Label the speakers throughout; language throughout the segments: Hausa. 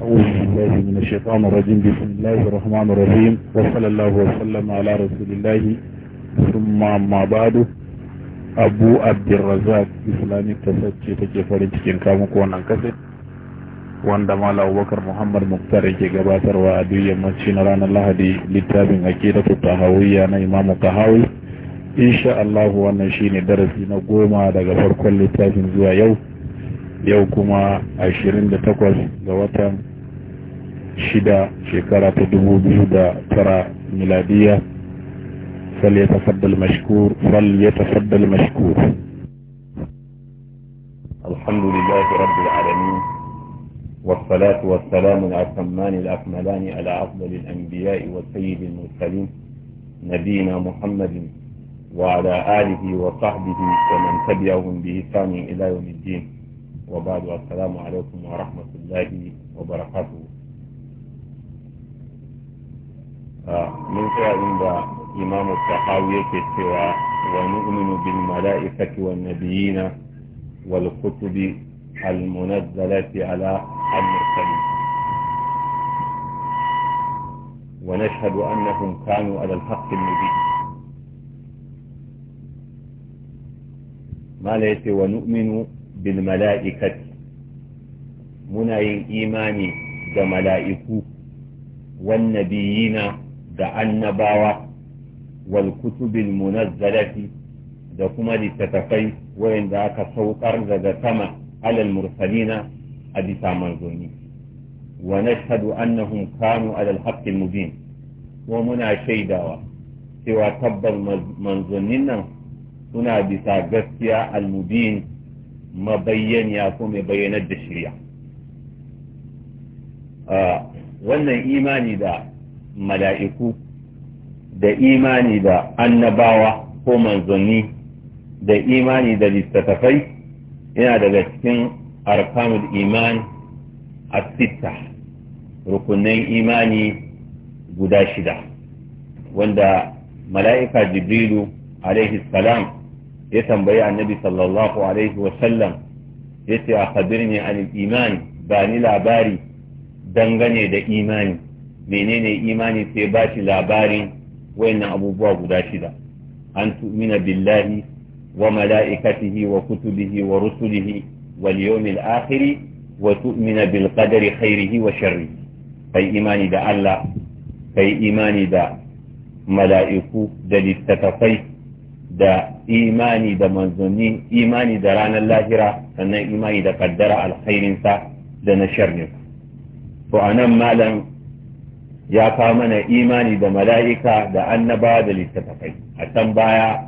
Speaker 1: أعوذ بالله من الشيطان الرجيم بسم الله الرحمن الرحيم وصلى الله وسلم على رسول الله ثم ما abu abdulrazak islamic kasar ce take farin cikin kamun wannan kasar wanda mala Bakar muhammad muktar yake gabatarwa a duk yammaci na ranar lahadi littafin akidatu tahawiyya na imamu tahawi insha Allah wannan shine darasi na goma daga farkon littafin zuwa yau yau kuma 28 ga watan shida shekara ta 2009 miladiya فليتفضل مشكور فليتفضل مشكور الحمد لله رب العالمين والصلاة والسلام الأتمان الأكملان على أفضل الأنبياء والسيد المرسلين نبينا محمد وعلى آله وصحبه ومن تبعهم بإحسان إلى يوم الدين وبعد السلام عليكم ورحمة الله وبركاته آه، من عند إمام التحاوية كتوى ونؤمن بالملائكة والنبيين والكتب المنزلة على المرسلين ونشهد أنهم كانوا على الحق المبين
Speaker 2: ما ليس ونؤمن bil mala'ikati muna yin imani da mala'iku wan nabiyina da
Speaker 1: annabawa wal kutubil munazzalati da kuma littattafai wayanda aka saukar daga sama alal mursalina a bisa manzoni wa nashhadu annahum kanu alal haqqil mubin kuma muna shaidawa cewa tabbas manzonin nan suna bisa gaskiya
Speaker 2: almubin mabayyaniya ko mai bayyanar da shirya wannan imani da mala'iku da imani da annabawa ko manzanni da imani da littattafai yana daga cikin arkamul iman a sita rukunin imani guda shida wanda mala'ika jibrilu alaihi salam ya tambayi annabi sallallahu alaihi wasallam ya ce a kabirni an imani ba ni labari dangane da imani menene imani sai ba shi labarin wayannan abubuwa guda shida an tu'mina billahi wa mala'ikatihi wa kutubihi wa rusulihi wal yawmil akhir wa tu'mina bil qadari khairihi wa sharri kai imani da Allah kai imani da mala'iku da littattafai da imani da manzanni imani da ranar lahira sannan imani da kaddara alkhairinsa da na sharrin to a nan malam ya kawo mana imani da mala'ika da annaba da littattafai a can baya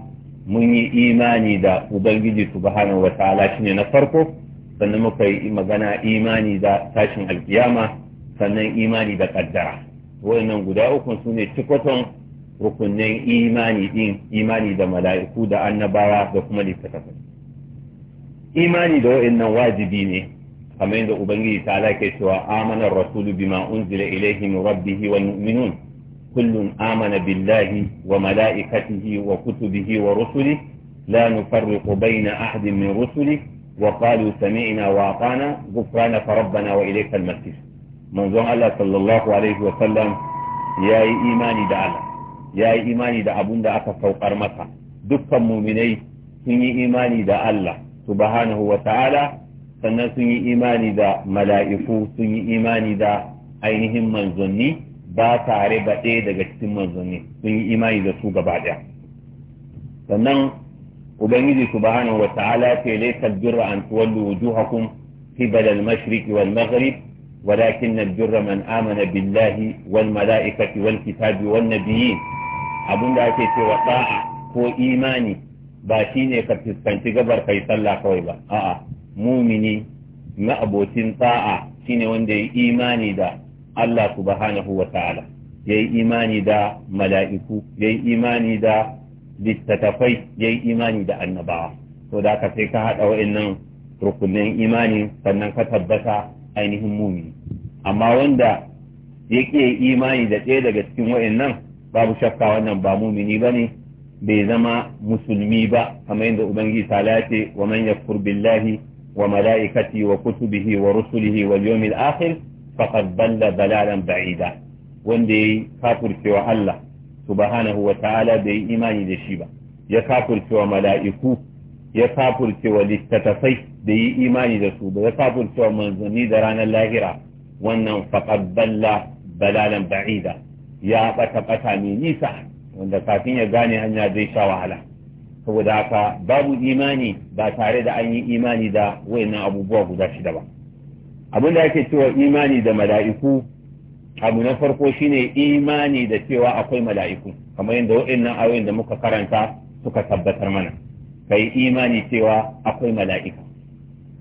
Speaker 2: mun yi imani da ubangiji subhanahu wa ta'ala ne na farko sannan muka yi magana imani da tashin alkiyama sannan imani da kaddara wayannan guda uku su ne cikoton rukunin imani din imani da mala'iku da annabawa da kuma littattafai imani da wa'annan wajibi ne kamar yadda ubangiji ta alake cewa amanar rasulu bima unzila ilaihi min rabbihi wa mu'minun kullun amana billahi wa mala'ikatihi wa kutubihi wa rusuli la nufarriqu baina ahadin min rusuli wa qalu sami'na wa atana ghufranaka rabbana wa ilaikal masir manzon Allah sallallahu alaihi wa sallam yayi imani da Allah ya yi imani da abun da aka saukar masa dukkan muminai sun yi imani da Allah subhanahu wa ta'ala sannan sun yi imani da mala'iku sun yi imani da ainihin manzanni ba tare ba ɗaya daga cikin manzanni sun yi imani da su gaba ɗaya sannan ubangiji subhanahu wa ta'ala ce laysa birra an tuwallu wujuhakum qibala al-mashriq wal maghrib walakin al-birra man amana billahi wal mala'ikati wal kitabi wan nabiyyin abin da ake cewa da'a ko imani ba shi ne ka fuskanci gabar kai sallah kawai ba a'a mumini na abocin sa'a shine wanda ya imani da Allah subhanahu wa ta'ala ya yi imani da mala'iku ya yi imani da littattafai ya yi imani da annabawa to da ka sai ka haɗa wa'annan rukunin imani sannan ka tabbata ainihin mumini amma wanda yake imani da ɗaya daga cikin wa'annan babu shakka wannan ba mumini bane bai zama musulmi ba kamar yadda ubangiji ta lace wa man yakfur billahi wa malaikati wa kutubihi wa rusulihi wal yawmil akhir faqad dalla dalalan ba'ida wanda yayi kafircewa Allah subhanahu wa ta'ala bai imani da shi ba ya wa mala'iku ya wa littatafai da yi imani da su ba ya wa manzanni da ranar lahira wannan faqad dalla dalalan ba'ida ya bata bata mai nisa wanda kafin ya gane hanya zai sha wahala saboda haka babu imani ba tare da an yi imani da wayannan abubuwa guda shida ba abin da ake cewa imani da mala'iku abu na farko shine imani da cewa akwai mala'iku kamar yadda waɗannan ayoyin da muka karanta suka tabbatar mana kai imani cewa akwai mala'ika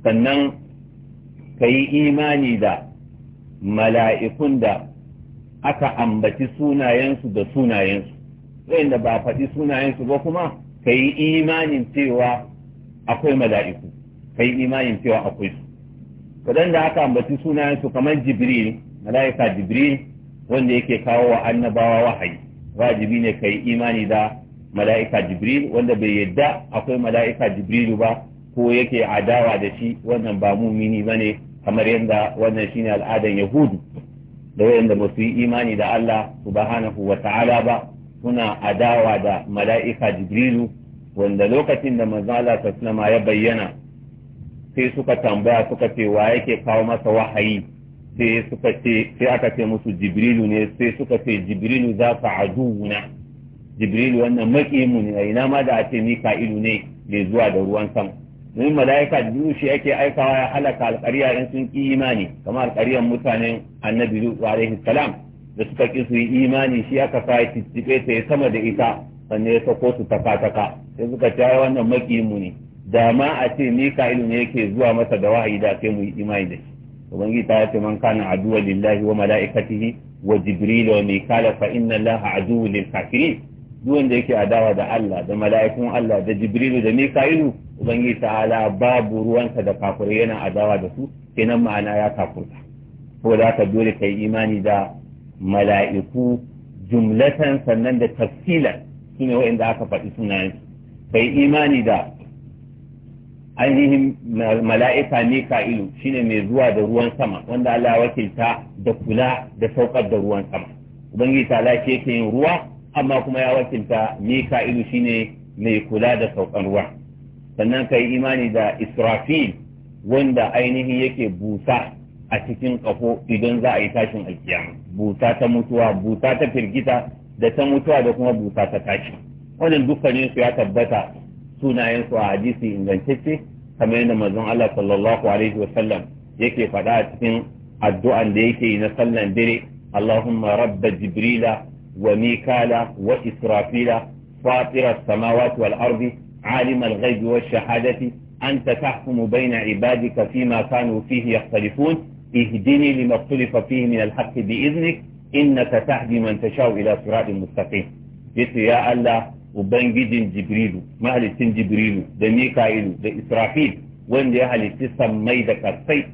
Speaker 2: sannan kai imani da mala'ikun da aka ambaci sunayensu da sunayensu da ba faɗi sunayensu ba kuma ka yi imanin cewa akwai mala'iku ka yi imanin cewa akwai su da aka ambaci sunayensu kamar jibril mala'ika jibril wanda yake kawo wa annabawa wahayi wajibi ne ka yi imani da mala'ika jibril wanda bai yadda akwai mala'ika jibril ba ko yake adawa da shi wannan ba mumini ba ne kamar yadda wannan shine al'adan yahudu da wayanda ba su yi imani da Allah subhanahu wa ta'ala ba suna adawa da mala'ika jibrilu wanda lokacin da manzo ta ya bayyana sai suka tambaya suka ce wa yake kawo masa wahayi sai suka ce sai aka ce musu jibrilu ne sai suka ce jibrilu za ka na jibrilu wannan makimu ne ina ma da a ce ilu ne mai zuwa da ruwan sama domin mala'ika biyu shi ake aikawa ya halaka alƙarya in sun ƙi imani kamar alƙaryan mutanen annabi lutsu alaihi salam da suka ƙi su yi imani shi aka sa ya cicciɓe ta ya sama da ita sannan ya sako su taka taka sai suka ce wannan maƙi mu ne da ma a ce mika'ilu ne yake zuwa masa da wahayi da sai mu yi imani da shi ubangiji ta ce man kana aduwa lillahi wa mala'ikatihi wa jibril wa mikala fa inna allaha aduwwu lil kafirin duk wanda yake adawa da Allah da mala'ikun Allah da Jibrilu da Mika'ilu ubangiji ta'ala babu ruwansa da kafirai yana adawa da su kenan ma'ana ya kafurta ko da ka dole kai imani da mala'iku jumlatan sannan da tafsilan ne waɗanda aka faɗi sunayen kai imani da ainihin mala'ika Mika'ilu shine mai zuwa da ruwan sama wanda Allah wakilta da kula da saukar da ruwan sama ubangiji ta'ala ke yin ruwa amma kuma ya wakilta ni mika'ilu shine mai kula da saukan ruwa sannan ka imani da israfil wanda ainihin yake busa a cikin ƙaho idan za a yi tashin alkiyama busa ta mutuwa busa ta firgita da ta mutuwa da kuma busa ta tashi wannan dukkanin su ya tabbata sunayen su a hadisi ingantacce kamar yadda manzon Allah sallallahu alaihi wa sallam yake faɗa a cikin addu'an da yake yi na sallan dare Allahumma rabba jibrila وميكالا وإسرافيلا فاطر السماوات والأرض عالم الغيب والشهادة أنت تحكم بين عبادك فيما كانوا فيه يختلفون اهدني لما اختلف فيه من الحق بإذنك إنك تهدي من تشاء إلى صراط مستقيم قلت يا الله وبنجدين جبريل مهلتين جبريل ده ميكائيل ده إسرافيل وين ده هل سمي ده كالسيط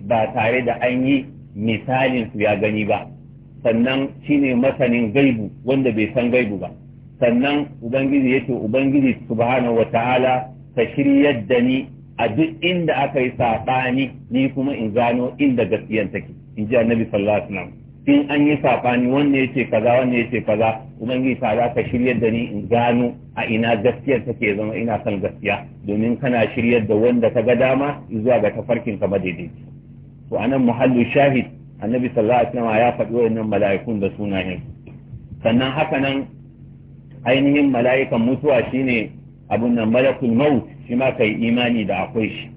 Speaker 2: أني مثال في أغني sannan shine masanin gaibu wanda bai san gaibu ba sannan ubangiji yace ubangiji subhanahu wataala ka shiryar da ni a duk inda aka yi saɓani ni kuma in gano inda gaskiyan take in ji annabi sallallahu alaihi wasallam in an yi saɓani wanda yace kaza wanda yace kaza ubangiji ta ka shiryar da ni in gano a ina gaskiyar take zama ina son gaskiya domin kana shiryar da wanda ka ga dama zuwa ga tafarkin ka madaidaici to anan muhallu shahid annabi sallallahu alaihi wasallam ya faɗi wayannan mala'ikun da sunayen sannan haka nan ainihin mala'ikan mutuwa shine abun nan malakul maut shi ma kai imani da akwai shi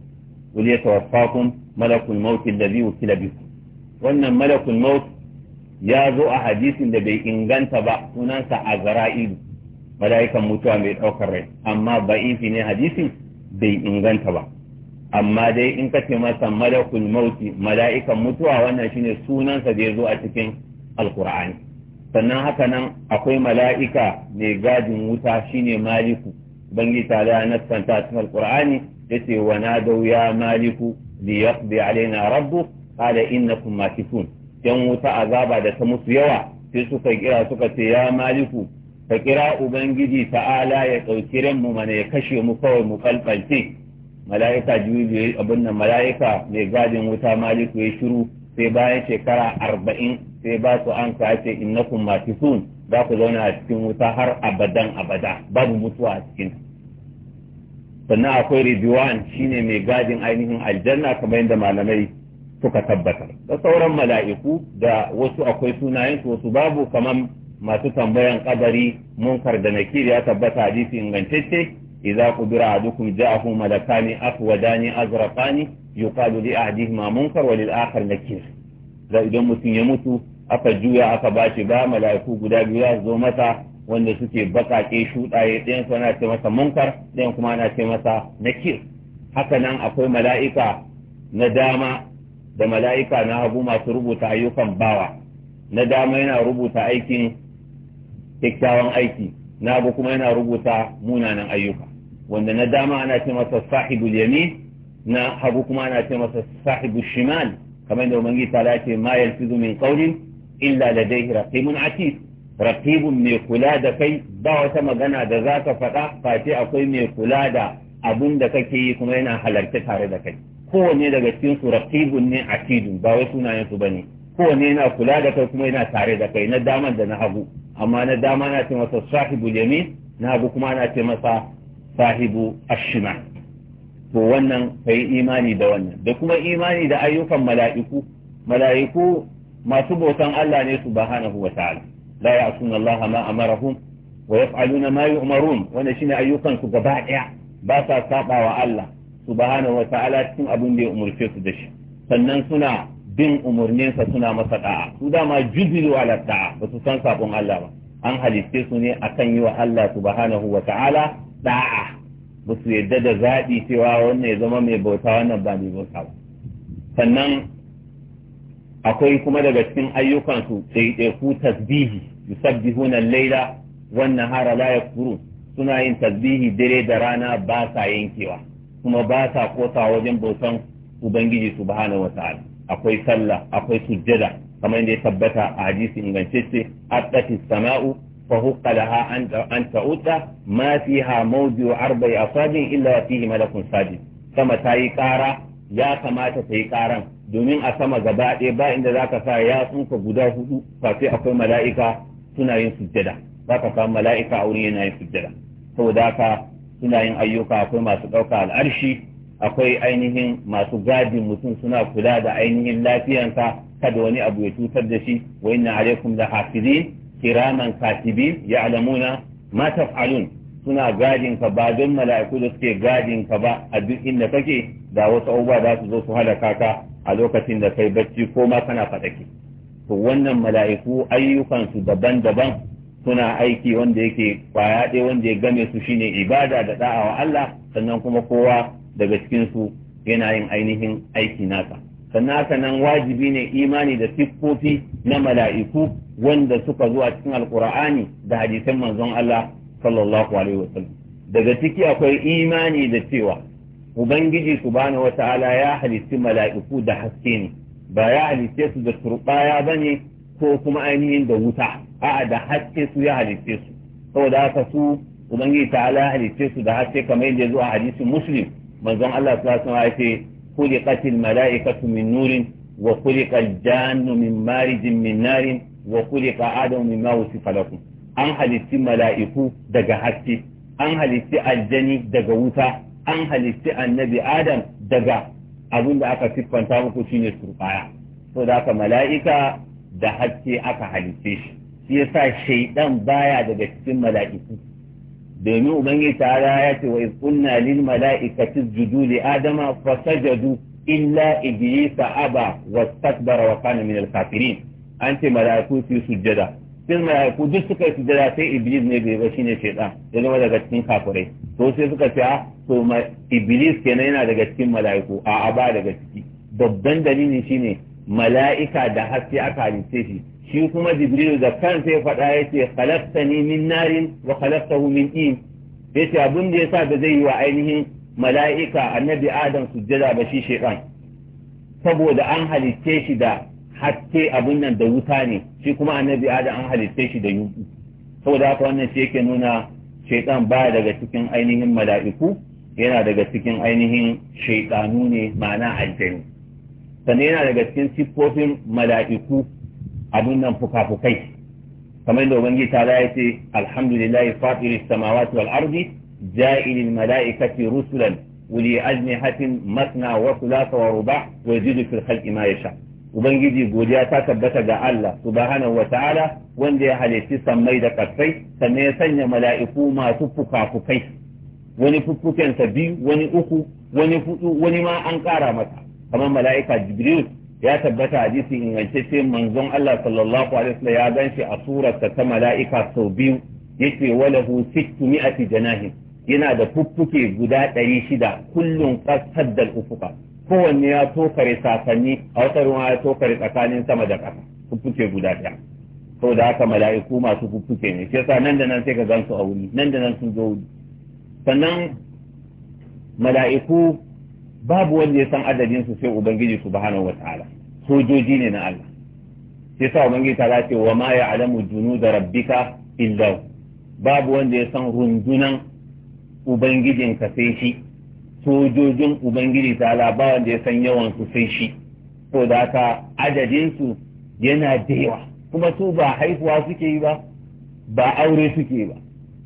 Speaker 2: wal yatawaffakum malakul maut alladhi wukila bikum wannan malakul maut ya zo a hadisin da bai inganta ba sunansa azra'il mala'ikan mutuwa mai daukar rai amma ba'ifi ne hadisin bai inganta ba amma dai in ka ce masa malakul mauti mala'ikan mutuwa wannan shine sunansa da ya a cikin alkur'ani sannan haka nan akwai mala'ika mai gadin wuta shine maliku bangi tare na santa cikin alkur'ani yace wa nadau ya maliku li yaqdi alaina rabbu qala innakum makithun yan wuta azaba da ta musu yawa sai suka kira suka ce ya maliku ka kira ubangiji ta'ala ya ɗauki mu mana ya kashe mu kawai mu falfalce mala'ika juju abin nan mala'ika mai gadin wuta maliku ya shiru sai bayan shekara arba'in sai ba su an kace innakum matisun za ku zauna a cikin wuta har abadan abada babu mutuwa a cikin sannan akwai rijuwan shine mai gadin ainihin aljanna kamar yadda malamai
Speaker 1: suka tabbatar
Speaker 2: da sauran mala'iku da wasu akwai sunayen su wasu babu kamar masu tambayan kabari munkar da nakiri ya tabbata hadisi ingantacce idza qudira ahadukum ja'ahu malakani afwadani azraqani Azurafani, li ahadihima munkar wa lil akhar nakir da idan mutum ya mutu aka juya aka bashi ba mala'iku guda biyu za su zo masa wanda suke bakake shuɗaye ɗayan su ce masa munkar ɗayan kuma ana ce masa nakir haka nan akwai mala'ika na dama da mala'ika na hagu masu rubuta ayyukan bawa na dama yana rubuta aikin kyakkyawan aiki na hagu kuma yana rubuta munanan ayyuka wanda na dama ana ce masa sahibu yamin na hagu kuma ana ce masa sahibu shimal kamar da umangi ta ce ma yalfizu min qawlin illa ladayhi raqibun atid raqibun mai kula da kai ba wata magana da zaka faɗa face akwai mai kula da abun da kake yi kuma yana halarta tare da kai kowanne daga cikin su raqibun ne atidun ba wai sunayen su bane kowanne yana kula da kai kuma yana tare da kai na daman da na hagu amma na dama na ce masa sahibu yamin na hagu kuma na ce masa sahibu ashima to wannan ka yi imani da wannan da kuma imani da ayyukan mala'iku mala'iku masu bautan Allah ne subhanahu wa ta'ala la ya'suna Allah ma amarahum wa yaf'aluna ma yu'marun wannan shine ayyukan su gaba daya ba sa saba wa Allah subhanahu wa ta'ala cikin abin da ya umurce su da shi sannan suna bin umarninsa suna masa da'a su dama jubilu ala da'a ba su san sabon Allah ba an halitte su ne akan yi wa Allah subhanahu wa ta'ala da'a ba su yarda da zaɓi cewa wannan ya zama mai bauta wannan ba mai bauta ba sannan akwai kuma daga cikin ayyukansu ɗaiɗaiku tasbihi yusabbihuna al-laila wan nahara la yakfurun suna yin tasbihi dare da rana ba sa yankewa kuma ba sa kota wajen bautan ubangiji subhanahu wata'ala akwai sallah akwai sujjada kamar yadda ya tabbata a hadisi ingantacce aqati sama'u فهق لها أن تعود ما فيها موضع أربع أصابع إلا فيه ملك ساجد كما تايكارا يا كما تايكارا domin a sama gaba ɗaya ba inda za ka sa yatsunka guda hudu face akwai mala'ika suna yin sujjada za ka samu mala'ika a wurin yana yin sujjada saboda haka suna yin ayyuka akwai masu ɗauka al'arshi akwai ainihin masu gadin mutum suna kula da ainihin lafiyanka kada wani abu ya cutar da shi wa inna alaikum da hafizin kiraman katibin ya'lamuna ma taf'alun suna gadin ka ba don mala'iku da suke gadin ka ba a duk inda kake da wasu abubuwa za su zo su halaka ka a lokacin da kai bacci ko ma kana fadake to wannan mala'iku ayyukansu daban-daban suna aiki wanda yake kwaya ɗaya wanda ya game su shine ibada da da'a wa Allah sannan kuma kowa daga cikin su yana yin ainihin aiki nasa sannan haka nan wajibi ne imani da siffofi na mala'iku wanda suka zo a cikin alkur'ani da hadisan manzon Allah sallallahu alaihi wasallam daga ciki akwai imani da cewa ubangiji subhanahu wataala ya halitti mala'iku da haske ne ba ya halitte su da turbaya bane ko kuma ainihin da wuta a'a da haske su ya halitte su saboda haka su ubangiji ta'ala ya halitte su da haske kamar yadda zuwa hadisin muslim manzon Allah sallallahu alaihi wasallam ya ce khuliqatil mala'ikatu min nurin wa khuliqal jannu min marijin min narin wa khuliqa adamu mimma wusifa lakum an halitti mala'iku daga haske an halitti aljani daga wuta an halitti annabi adam daga abin da aka siffanta muku shine turbaya so da aka mala'ika da haske aka halitte shi shi yasa shaidan baya daga cikin mala'iku domin ubangiji ta'ala ya ce wa iz qulna lil mala'ikati isjudu li adama fasajadu illa iblisa aba wastakbara wa kana min al-kafirin an ce mala'iku su yi sujjada sai mala'iku duk suka yi sujjada sai iblis ne bai ba ne shaitan ya zama daga cikin kafirai to sai suka ce a ah, to iblis kenan yana daga cikin mala'iku a a ba daga ciki babban dalili shine mala'ika da haske aka halitta shi shi kuma jibrilu da kansa ya faɗa ya ce khalaqtani min narin wa khalaqtahu min tin yace abin da ya sa da zai yi wa ainihin mala'ika annabi adam sujjada ba shi shaitan saboda an halicce shi da haske abin nan da wuta ne shi kuma annabi adam an halitta shi da yuki saboda haka wannan shi yake nuna shaitan ba daga cikin ainihin mala'iku yana daga cikin ainihin shaitanu ne ma'ana aljani sannan yana daga cikin siffofin mala'iku abin nan fuka-fukai kamar da wani ta ya ce alhamdulillah fatir samawati wal ardi ja'ilil mala'ikati rusulan uli ajnihatin masna wa thulatha wa ruba' wa yazidu fil khalqi ma yasha' ubangiji godiya ta tabbata ga Allah subhanahu ala wanda ya halitti sammai da karsai sannan ya sanya mala'iku masu fukafukai wani fuffukensa biyu wani uku wani hudu wani ma an kara masa kamar mala'ika jibril ya tabbata hadisi ingantacce manzon Allah sallallahu alaihi wasallam ya ganshi a surarsa ta mala'ika sau biyu yake walahu sittu mi'ati janahin yana da fuffuke guda ɗari shida kullum qasaddal ufuka. kowanne ya tokare sakanni a wata ruwa ya tokare tsakanin sama da ƙasa fuffuke guda ɗaya da haka mala'iku masu fuffuke ne shi yasa nan da nan sai ka gan a wuri nan da nan sun zo wuri sannan mala'iku babu wanda ya san adadin su sai ubangiji subhanahu wataala sojoji ne na Allah shi yasa ubangiji ta ce wa ma junu da rabbika illa babu wanda ya san rundunan ubangijinka sai shi sojojin ubangiji ta labaran da ya san yawan su sai shi ko da ka adadin yana da yawa kuma su ba haihuwa suke yi ba ba aure suke ba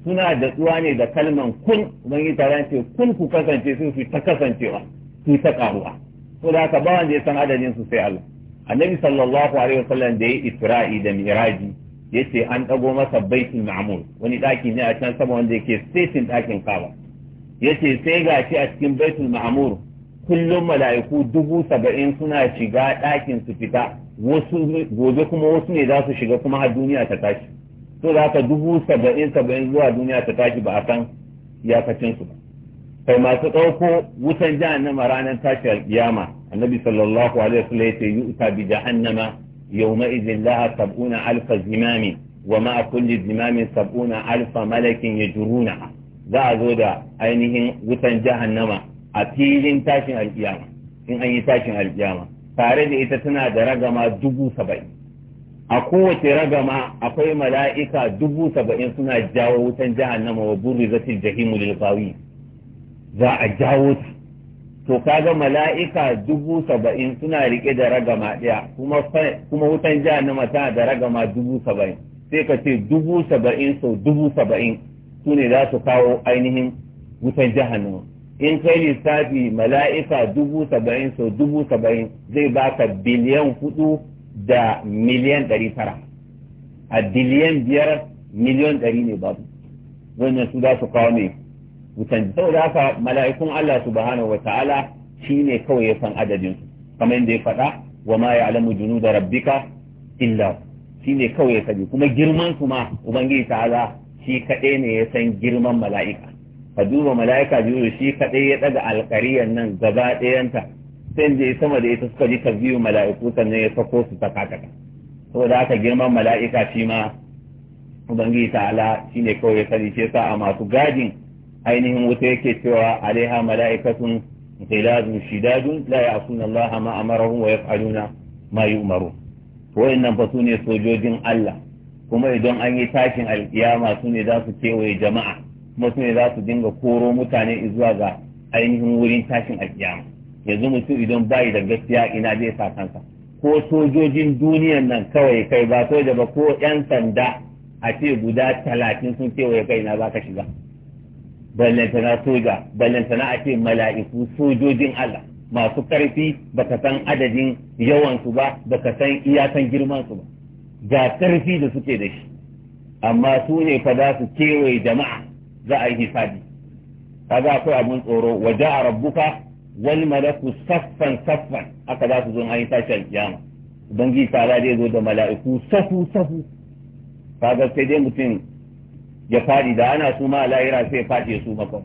Speaker 2: suna da tsuwa ne da kalman kun ubangiji ta ce kun ku kasance sun su ta kasancewa su ta karuwa Ko da ka bawan da ya san adadin su sai Allah annabi sallallahu alaihi wasallam da ya isra'i da miraji yace an ɗago masa baitul ma'mur wani daki ne a can sama wanda yake setin ɗakin kaba yace sai ga shi a cikin baitul ma'mur kullum mala'iku dubu saba'in suna shiga ɗakin su fita wasu gobe kuma wasu ne za su shiga kuma har duniya ta tashi to da haka dubu saba'in saba'in zuwa duniya ta tashi ba a kan iyakacin su ba kai masu ɗauko wutan jahannama ranar tashi alƙiyama annabi sallallahu alaihi wasallam yace yu'ta bi jahannama yawma idhin laha sab'una alfa zimami wa ma kulli zimamin sab'una alfa malakin yajrunaha za a zo da ainihin wutan jahannama a filin tashin alkiyama in an yi tashin alkiyama tare da ita tana da ragama dubu saba'in a kowace ragama akwai mala'ika dubu saba'in suna jawo wutan jahannama wa burri zatil jahimu lilfawi za a jawo su to kaga mala'ika dubu saba'in suna rike da ragama ɗaya kuma wutan jahannama tana da ragama dubu saba'in sai ka ce dubu saba'in sau dubu saba'in su ne za su kawo ainihin wutan jahannama in kai lissafi mala'ika dubu saba'in so dubu saba'in zai baka biliyan hudu da miliyan ɗari tara a biliyan biyar miliyan ɗari ne babu wannan su za su kawo ne wutan saboda haka mala'ikun Allah subhanahu wa ta'ala shi ne kawai ya san adadin su kamar yadda ya faɗa wa ma ya'lamu da rabbika illa shi ne kawai ya sani kuma girman su ma ubangiji ta'ala shi kaɗai ne ya san girman mala'ika ka duba mala'ika biyu shi kaɗai ya ɗaga alƙariyar nan gaba ɗayanta sai da ya sama da ita suka ji ta biyu mala'iku sannan ya sako su ta kataka saboda haka girman mala'ika shi ma ubangiji ta'ala shi ne kawai ya sani shi a masu gadin ainihin wuta yake cewa alaiha mala'ikatun غلاظ شداد لا يعصون الله ما umaru ويفعلون nan fa su ne sojojin allah. kuma idan an yi tashin alkiyama su ne za su kewaye jama'a kuma su ne za su dinga koro mutane zuwa ga ainihin wurin tashin alkiyama yanzu mutum idan bayi da gaskiya ina zai sa kansa ko sojojin duniyan nan kawai kai ba soja ba ko yan sanda a ce guda talatin sun kewaye kai na za ka shiga ballantana soja ballantana a ce mala'iku sojojin Allah masu karfi baka san adadin yawansu ba baka san iyakan girmansu ba ga ƙarfi da suke da shi amma su ne fa za su kewaye jama'a za a yi hisabi kaga akwai abun tsoro wa ja'a rabbuka wal malaku saffan saffan aka za su zo an yi sashen kiyama ubangiji ta zai zo da mala'iku safu safu kaga sai dai mutum ya fadi da ana su ma ala'ira sai ya fadi su maka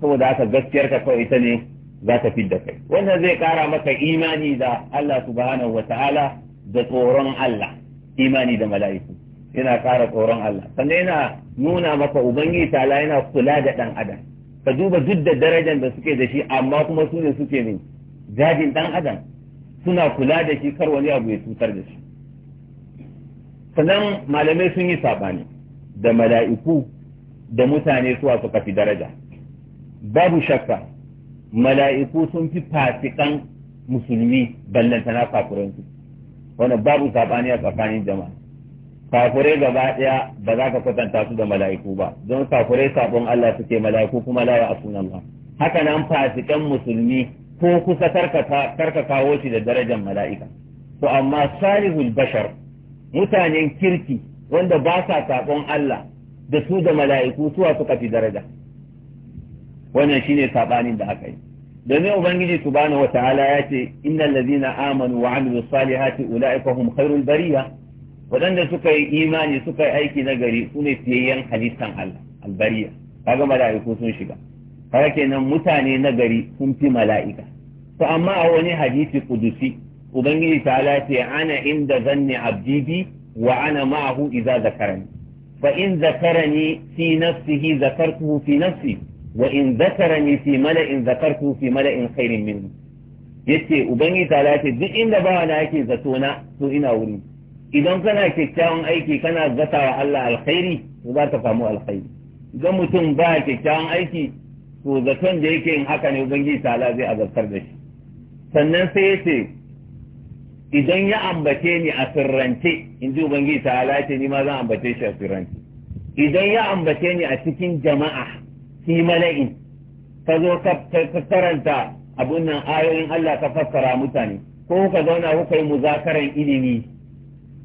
Speaker 2: saboda haka gaskiyar ka kawai ita ne za ta fidda kai wannan zai kara maka imani da Allah subhanahu wa ta'ala da tsoron Allah imani da mala'iku yana ƙara tsoron Allah sannan yana nuna maka ubangiji tala yana kula da dan adam ka duba duk da darajar da suke da shi amma kuma su ne suke ne jajin dan adam suna kula da shi kar wani abu ya cutar da shi sannan malamai sun yi saɓani da mala'iku da mutane suwa suka fi daraja babu shakka mala'iku sun fi fasikan musulmi ballantana kafuransu wannan babu sabani a tsakanin jama'a kafure gaba daya ba za ka kwatanta su da mala'iku ba don kafure sabon Allah suke mala'iku kuma la ya asuna Allah haka nan fasikan musulmi ko kusa karkata karka kawo shi da darajar mala'ika to amma salihul bashar mutanen kirki wanda ba sa sabon Allah da su da mala'iku suwa suka fi daraja wannan shine sabanin da aka yi domin ubangiji subhanahu Ta'ala ya ce innal ladina amanu wa amilu salihati ulaika hum khairul bariya wadanda suka yi imani suka yi aiki na gari su ne fiyayyen halittan Allah albariya kaga mala'iku sun shiga kaga kenan mutane na gari sun fi mala'ika to amma a wani hadisi kudusi ubangiji ta'ala ce ana inda zanni abdi bi wa ana ma'ahu idza zakarani fa in zakarani fi nafsihi zakartuhu fi nafsi wa in zakarani fi mala'in zakartu fi mala'in khairin minni yace ubangi ta lati duk inda ba na yake zato na to ina wuri idan kana kyakkyawan aiki kana zata wa Allah alkhairi to za ka samu alkhairi idan mutum ba kyakkyawan aiki to zaton da yake in haka ne ubangi ta lafi zai azabtar da shi sannan sai yace idan ya ambace ni a sirrance in ji ubangi ta lati ni ma zan ambace shi a sirrance idan ya ambace ni a cikin jama'a fi mala'in ka zo ka karanta abun nan ayoyin Allah ka fassara mutane ko ka zauna kuka yi muzakaran ilimi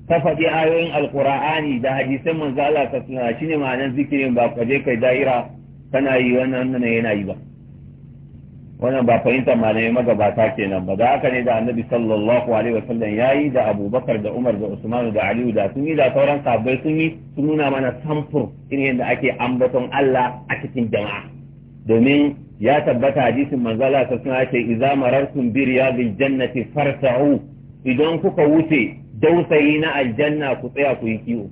Speaker 2: ka faɗi ayoyin alkur'ani da hadisan manzo Allah ka shine ma'anar zikirin ba ka je kai daira kana yi wannan yanayi yana yi ba wannan ba fahimtar malamai magabata kenan ba da haka ne da annabi sallallahu alaihi wasallam yayi da abubakar da umar da usman da aliyu da sun yi da sauran sahabbai sun yi sun nuna mana samfur irin yadda ake ambaton Allah a cikin jama'a domin ya tabbata hadisin manzala ta suna ce idza marartum bi riyadil jannati farsa'u idan kuka wuce dausayi na aljanna ku tsaya ku yi kiwo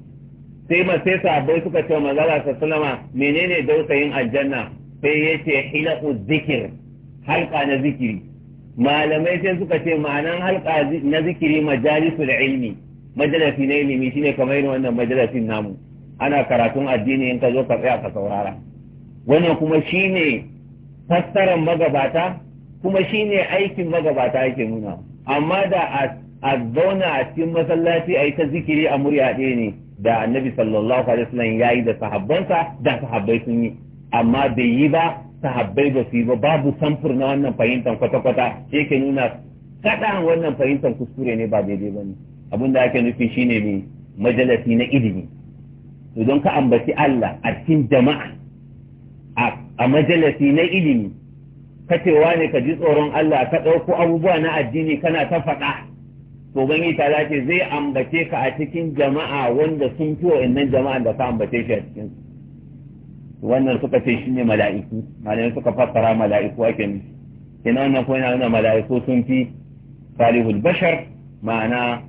Speaker 2: sai ma sai sahabbai suka ce manzala ta sallama menene dausayin aljanna sai yace hilahu zikir halka na zikiri malamai sai suka ce ma'anan halka na zikiri majalisul ilmi majalisi na ilimi shine kamar irin wannan majalisin namu ana karatun addini in ka zo ka tsaya ka saurara wannan kuma shine fassarar magabata kuma shine aikin magabata yake nuna amma da a zauna a cikin masallaci a yi ta zikiri a murya ɗaya ne da annabi sallallahu alaihi wasallam ya yi da sahabbansa da sahabbai sun yi amma bai yi ba sahabbai ba su yi ba babu samfur na wannan fahimtar kwata-kwata sai ke nuna kaɗan wannan fahimtar kuskure ne ba daidai ba ne abin da ake nufi shine mai majalasi na ilimi idan ka ambaci Allah a cikin jama'a a majalasi na ilimi kacewa ne ka ji tsoron Allah ka ɗauko abubuwa na addini kana ta faɗa to ban yi tala ce zai ambace ka a cikin jama'a wanda sun fi wa'annan jama'an da ka ambace shi a cikin wannan suka ce shine mala'iku malamai suka fassara mala'iku ake nufi kina wannan ko yana nuna mala'iku sun fi salihul bashar ma'ana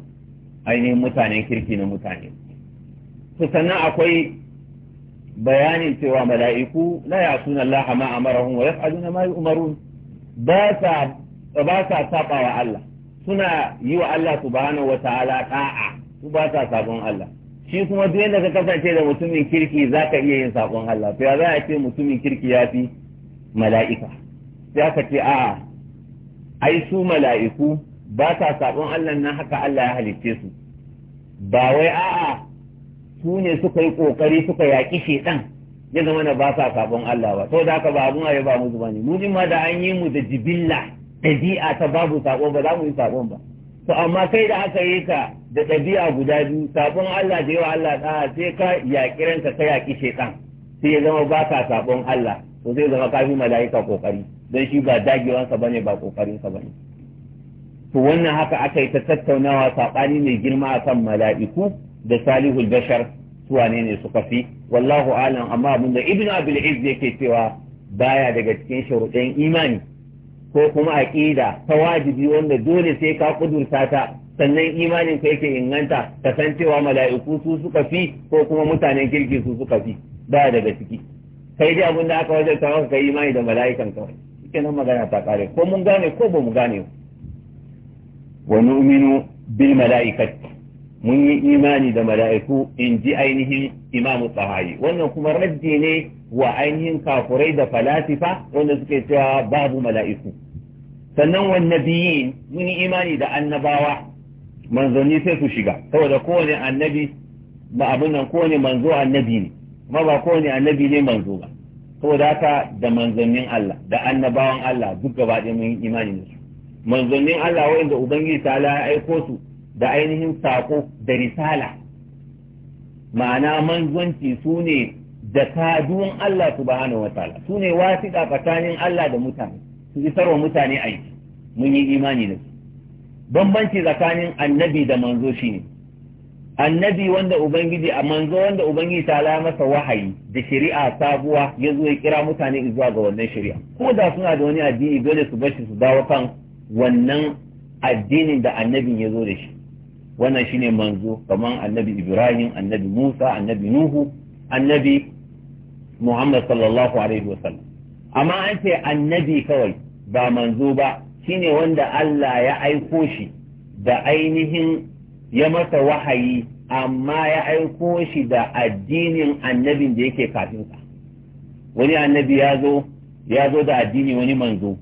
Speaker 2: ainihin mutanen kirki na mutane to sannan akwai bayanin cewa mala'iku la ya'suna Allah ma amarahum wa yaf'aluna ma yu'marun ba sa ba sa saba wa Allah suna yi wa Allah subhanahu wa ta'ala da'a su ba sa sabon Allah shi kuma duk yadda ka kasance da mutumin kirki za ka iya yin saƙon Allah to ya za a ce mutumin kirki ya fi mala'ika sai aka ce a'a ai su mala'iku ba sa saƙon Allah nan haka Allah ya halicce su ba wai a'a su ne suka yi ƙoƙari suka yaƙi shedan ya zama na ba sa saƙon Allah ba to da haka ba abun ayi ba mu zuba ne mu ma da an yi mu da jibilla ɗabi'a ta babu saƙon ba za mu yi saƙon ba to amma kai da aka yi ka da ɗabi'a guda biyu sabon Allah da yawa Allah da sai ka yaƙi ranka ka yaƙi shekan sai ya zama ba ka sabon Allah to zai zama kafin mala'ika kokari don shi ba dagewansa ba ne ba kokarinsa ba ne to wannan haka aka yi ta tattaunawa saɓani mai girma akan mala'iku da salihul bashar su wane ne suka fi wallahu alam amma abin da ibnu abul izz yake cewa baya daga cikin sharuɗin imani ko kuma aqida ta wajibi wanda dole sai ka kudurta ta sannan imanin ka yake inganta ka san cewa mala'iku su suka fi ko kuma mutanen kirki su suka fi ba daga ciki kai dai abin da aka wajen ka yi imani da mala'ikan kawai cikin nan magana ta kare ko mun gane ko ba mu gane wa nu'minu bil mala'ikat mun yi imani da mala'iku in ji ainihin imamu tsahayi wannan kuma raddi ne wa ainihin kafurai da falasifa wanda suke cewa babu mala'iku sannan wa nabiyin mun yi imani da annabawa manzanni sai su shiga saboda kowane annabi ba abin nan kowane manzo annabi ne kuma ba kowane annabi ne manzo ba saboda haka da manzannin Allah da annabawan Allah duk gaba ɗaya mun imani da su manzannin Allah wanda ubangiji ta ya aiko su da ainihin sako da risala ma'ana manzanci su ne da kaduwan Allah subhanahu wataala su ne wasiƙa tsakanin Allah da mutane su isarwa mutane aiki mun yi imani da su bambanci tsakanin annabi da manzo shine annabi wanda ubangiji a manzo wanda ubangiji ta la masa wahayi da shari'a sabuwa ya zo ya kira mutane zuwa ga wannan shari'a ko da suna da wani addini dole su bashi su dawo kan wannan addinin da annabin ya zo da shi wannan shine manzo kamar annabi ibrahim annabi musa annabi nuhu annabi muhammad sallallahu alaihi wasallam amma an ce annabi kawai ba manzo ba ne wanda Allah ya aiko shi da ainihin ya masa wahayi amma ya aiko shi da addinin annabin da yake kafinsa wani annabi ya zo ya zo da addini wani manzo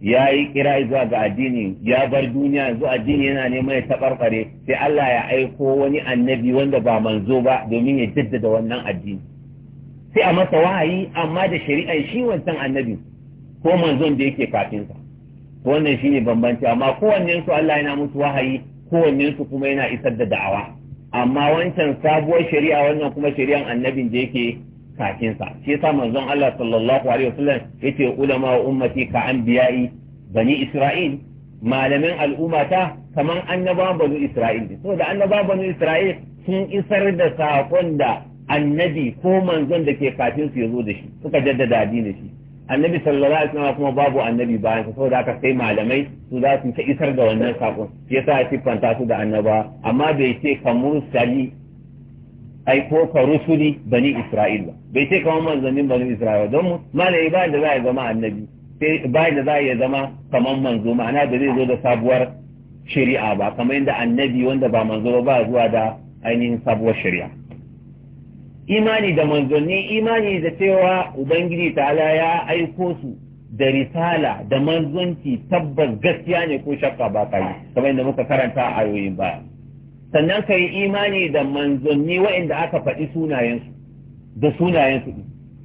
Speaker 2: ya yi kira zuwa ga addini ya bar duniya zuwa addini yana neman ya taɓarɓare sai Allah ya aiko wani annabi wanda ba manzo ba domin ya jaddada wannan addini sai a masa wahayi amma da shari'ar shi wancan annabi ko manzon da yake kafinsa wannan shine bambanci amma kowanne su Allah yana musu wahayi kowanne su kuma yana isar da da'awa amma wancan sabuwar shari'a wannan kuma shari'an annabin da yake kafin sa shi yasa manzon Allah sallallahu alaihi wasallam yace ulama wa ummati ka anbiya'i bani Isra'il malamin al'ummata kaman annabawan bani Isra'il saboda annabawan bani Isra'il sun isar da sakon da annabi ko manzon da ke kafin su ya zo da shi suka jaddada na shi annabi sallallahu alaihi wasallam kuma babu annabi bayan sa saboda aka sai malamai su za su ta isar da wannan sakon yasa ya siffanta su da annaba amma bai ce ka sali ai ko ka rusuli bani isra'ila bai ce kamar manzannin bani isra'ila don malami ba da za zama annabi sai bayan da za ya zama kamar manzo ma'ana da zai zo da sabuwar shari'a ba kamar yadda annabi wanda ba manzo ba zuwa da ainihin sabuwar shari'a imani da manzanni imani da cewa ubangiji ta'ala ya aiko su da risala da manzanci tabbas gaskiya ne ko shakka ba kai kamar yadda muka karanta a ayoyin baya sannan ka yi imani da manzanni waɗanda aka faɗi sunayensu da sunayensu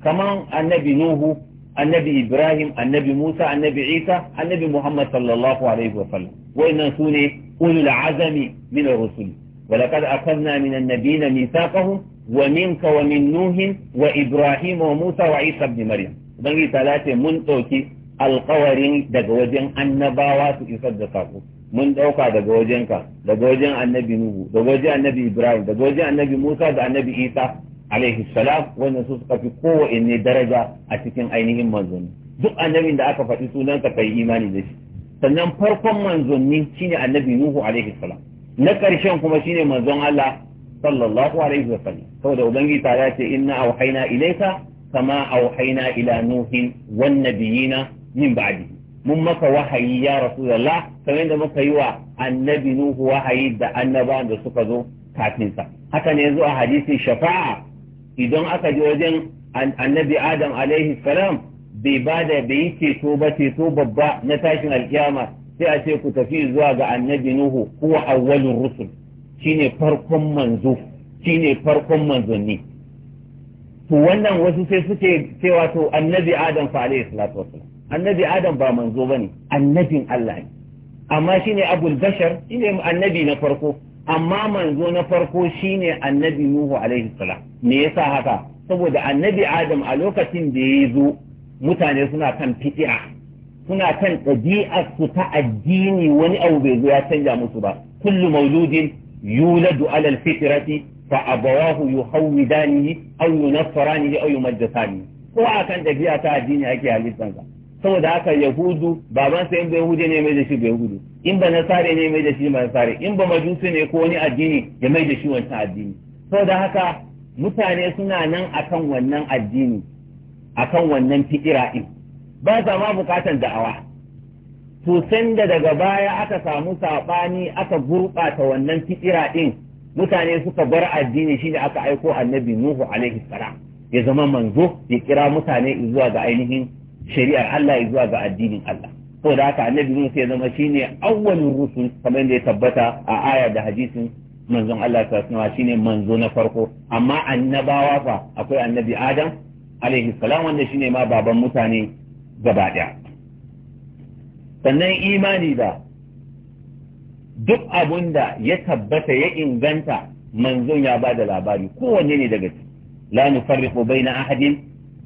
Speaker 2: kamar annabi nuhu annabi ibrahim annabi musa annabi isa annabi muhammad sallallahu alaihi wa sallam waɗannan su ne ulul azami min ar-rusul ولقد أخذنا من النبيين ميثاقهم wa minka wa min wa ibrahim wa musa wa isa ibn maryam ubangiji ta ce mun ɗauki alkawarin daga wajen annabawa su isar da sako mun ɗauka daga wajenka daga wajen annabi nuhu daga wajen annabi ibrahim daga wajen annabi musa da annabi isa alaihi salam wannan su suka fi kowanne daraja a cikin ainihin manzoni. duk annabin da aka faɗi sunansa kai imani da shi sannan farkon manzanni shine annabi nuhu alaihi salam na ƙarshen kuma shine manzon Allah sallallahu alaihi wa sallam saboda ubangiji ta ya ce inna auhayna ilayka kama auhayna ila nuhin wan nabiyina min ba'di mun maka wahayi ya rasulullah kamar da muka yi wa annabi nuhu wahayi da annaba da suka zo kafin sa haka ne zuwa hadisin shafa'a idan aka je wajen annabi adam alaihi salam bai ba da bai yi ceto ba ceto babba na tashin alkiyama sai a ce ku tafi zuwa ga annabi nuhu huwa awwalur rusul shine farkon manzo shine farkon manzanni to wannan wasu sai suke cewa to annabi adam fa alaihi salatu wassalam annabi adam ba manzo bane annabin Allah ne amma shine abul bashar shine annabi na farko amma manzo na farko shine annabi nuhu alaihi salam me yasa haka saboda annabi adam a lokacin da ya zo mutane suna kan fitira suna kan ɗabi'ar su ta addini wani abu bai zo ya canja musu ba kullu mauludin yuladu alal fitrati fa abawahu yuhawidanihi aw yunassaranihi aw yumajjisanihi ko akan tafiya ta addini ake halittansa saboda haka yahudu babansa in ba yahude ne mai da shi ba yahudu in ba nasare ne mai da shi ba nasare in ba majusi ne ko wani addini ya mai da shi wancan addini saboda haka mutane suna nan akan wannan addini akan wannan fikira din ba sa ma bukatan da'awa to da daga baya aka samu saɓani aka gurɓata wannan fitira ɗin mutane suka bar addini shi shine aka aiko annabi nuhu alaihi salam ya zama manzo ya kira mutane zuwa ga ainihin shari'ar Allah zuwa ga addinin Allah saboda haka annabi nuhu ya zama shine awwalin rusul kamar yadda ya tabbata a aya da hadisin manzon Allah ta sanawa shine manzo na farko amma annabawa fa akwai annabi Adam alaihi salam wanda shine ma baban mutane gaba daya sannan imani ba, duk abun da ya tabbata ya inganta manzon ya ba da labari kowanne ne daga ciki la nufarriqu baina ahadin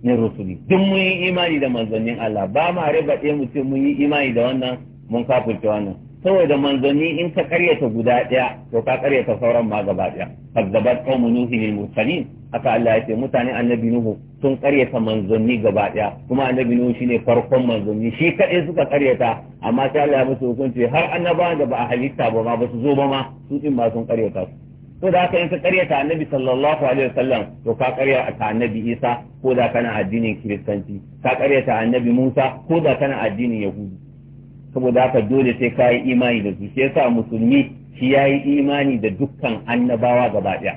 Speaker 2: min rusuli duk mun yi imani da manzonin Allah ba ma riba ɗaya mu ce mun yi imani da wannan mun kafirce wannan saboda manzanni in ka karyata guda ɗaya to ka karyata sauran ma gaba ɗaya kazzabat qaumu nuhin mursalin haka Allah ya ce mutane annabi nuhu sun karyata manzanni gaba ɗaya kuma annabi nuhu shine farkon manzanni shi kaɗai suka karyata amma sai Allah ya musu hukunci har annabawan da ba a halitta ba ma ba su zo ba ma su din ba sun karyata su to da haka in ka karyata annabi sallallahu alaihi wasallam to ka karyata annabi Isa ko da kana addinin kiristanci ka karyata annabi Musa ko da kana addinin yahudi saboda haka dole sai ka yi imani da su shi yasa musulmi shi ya yi imani da dukkan annabawa gaba ɗaya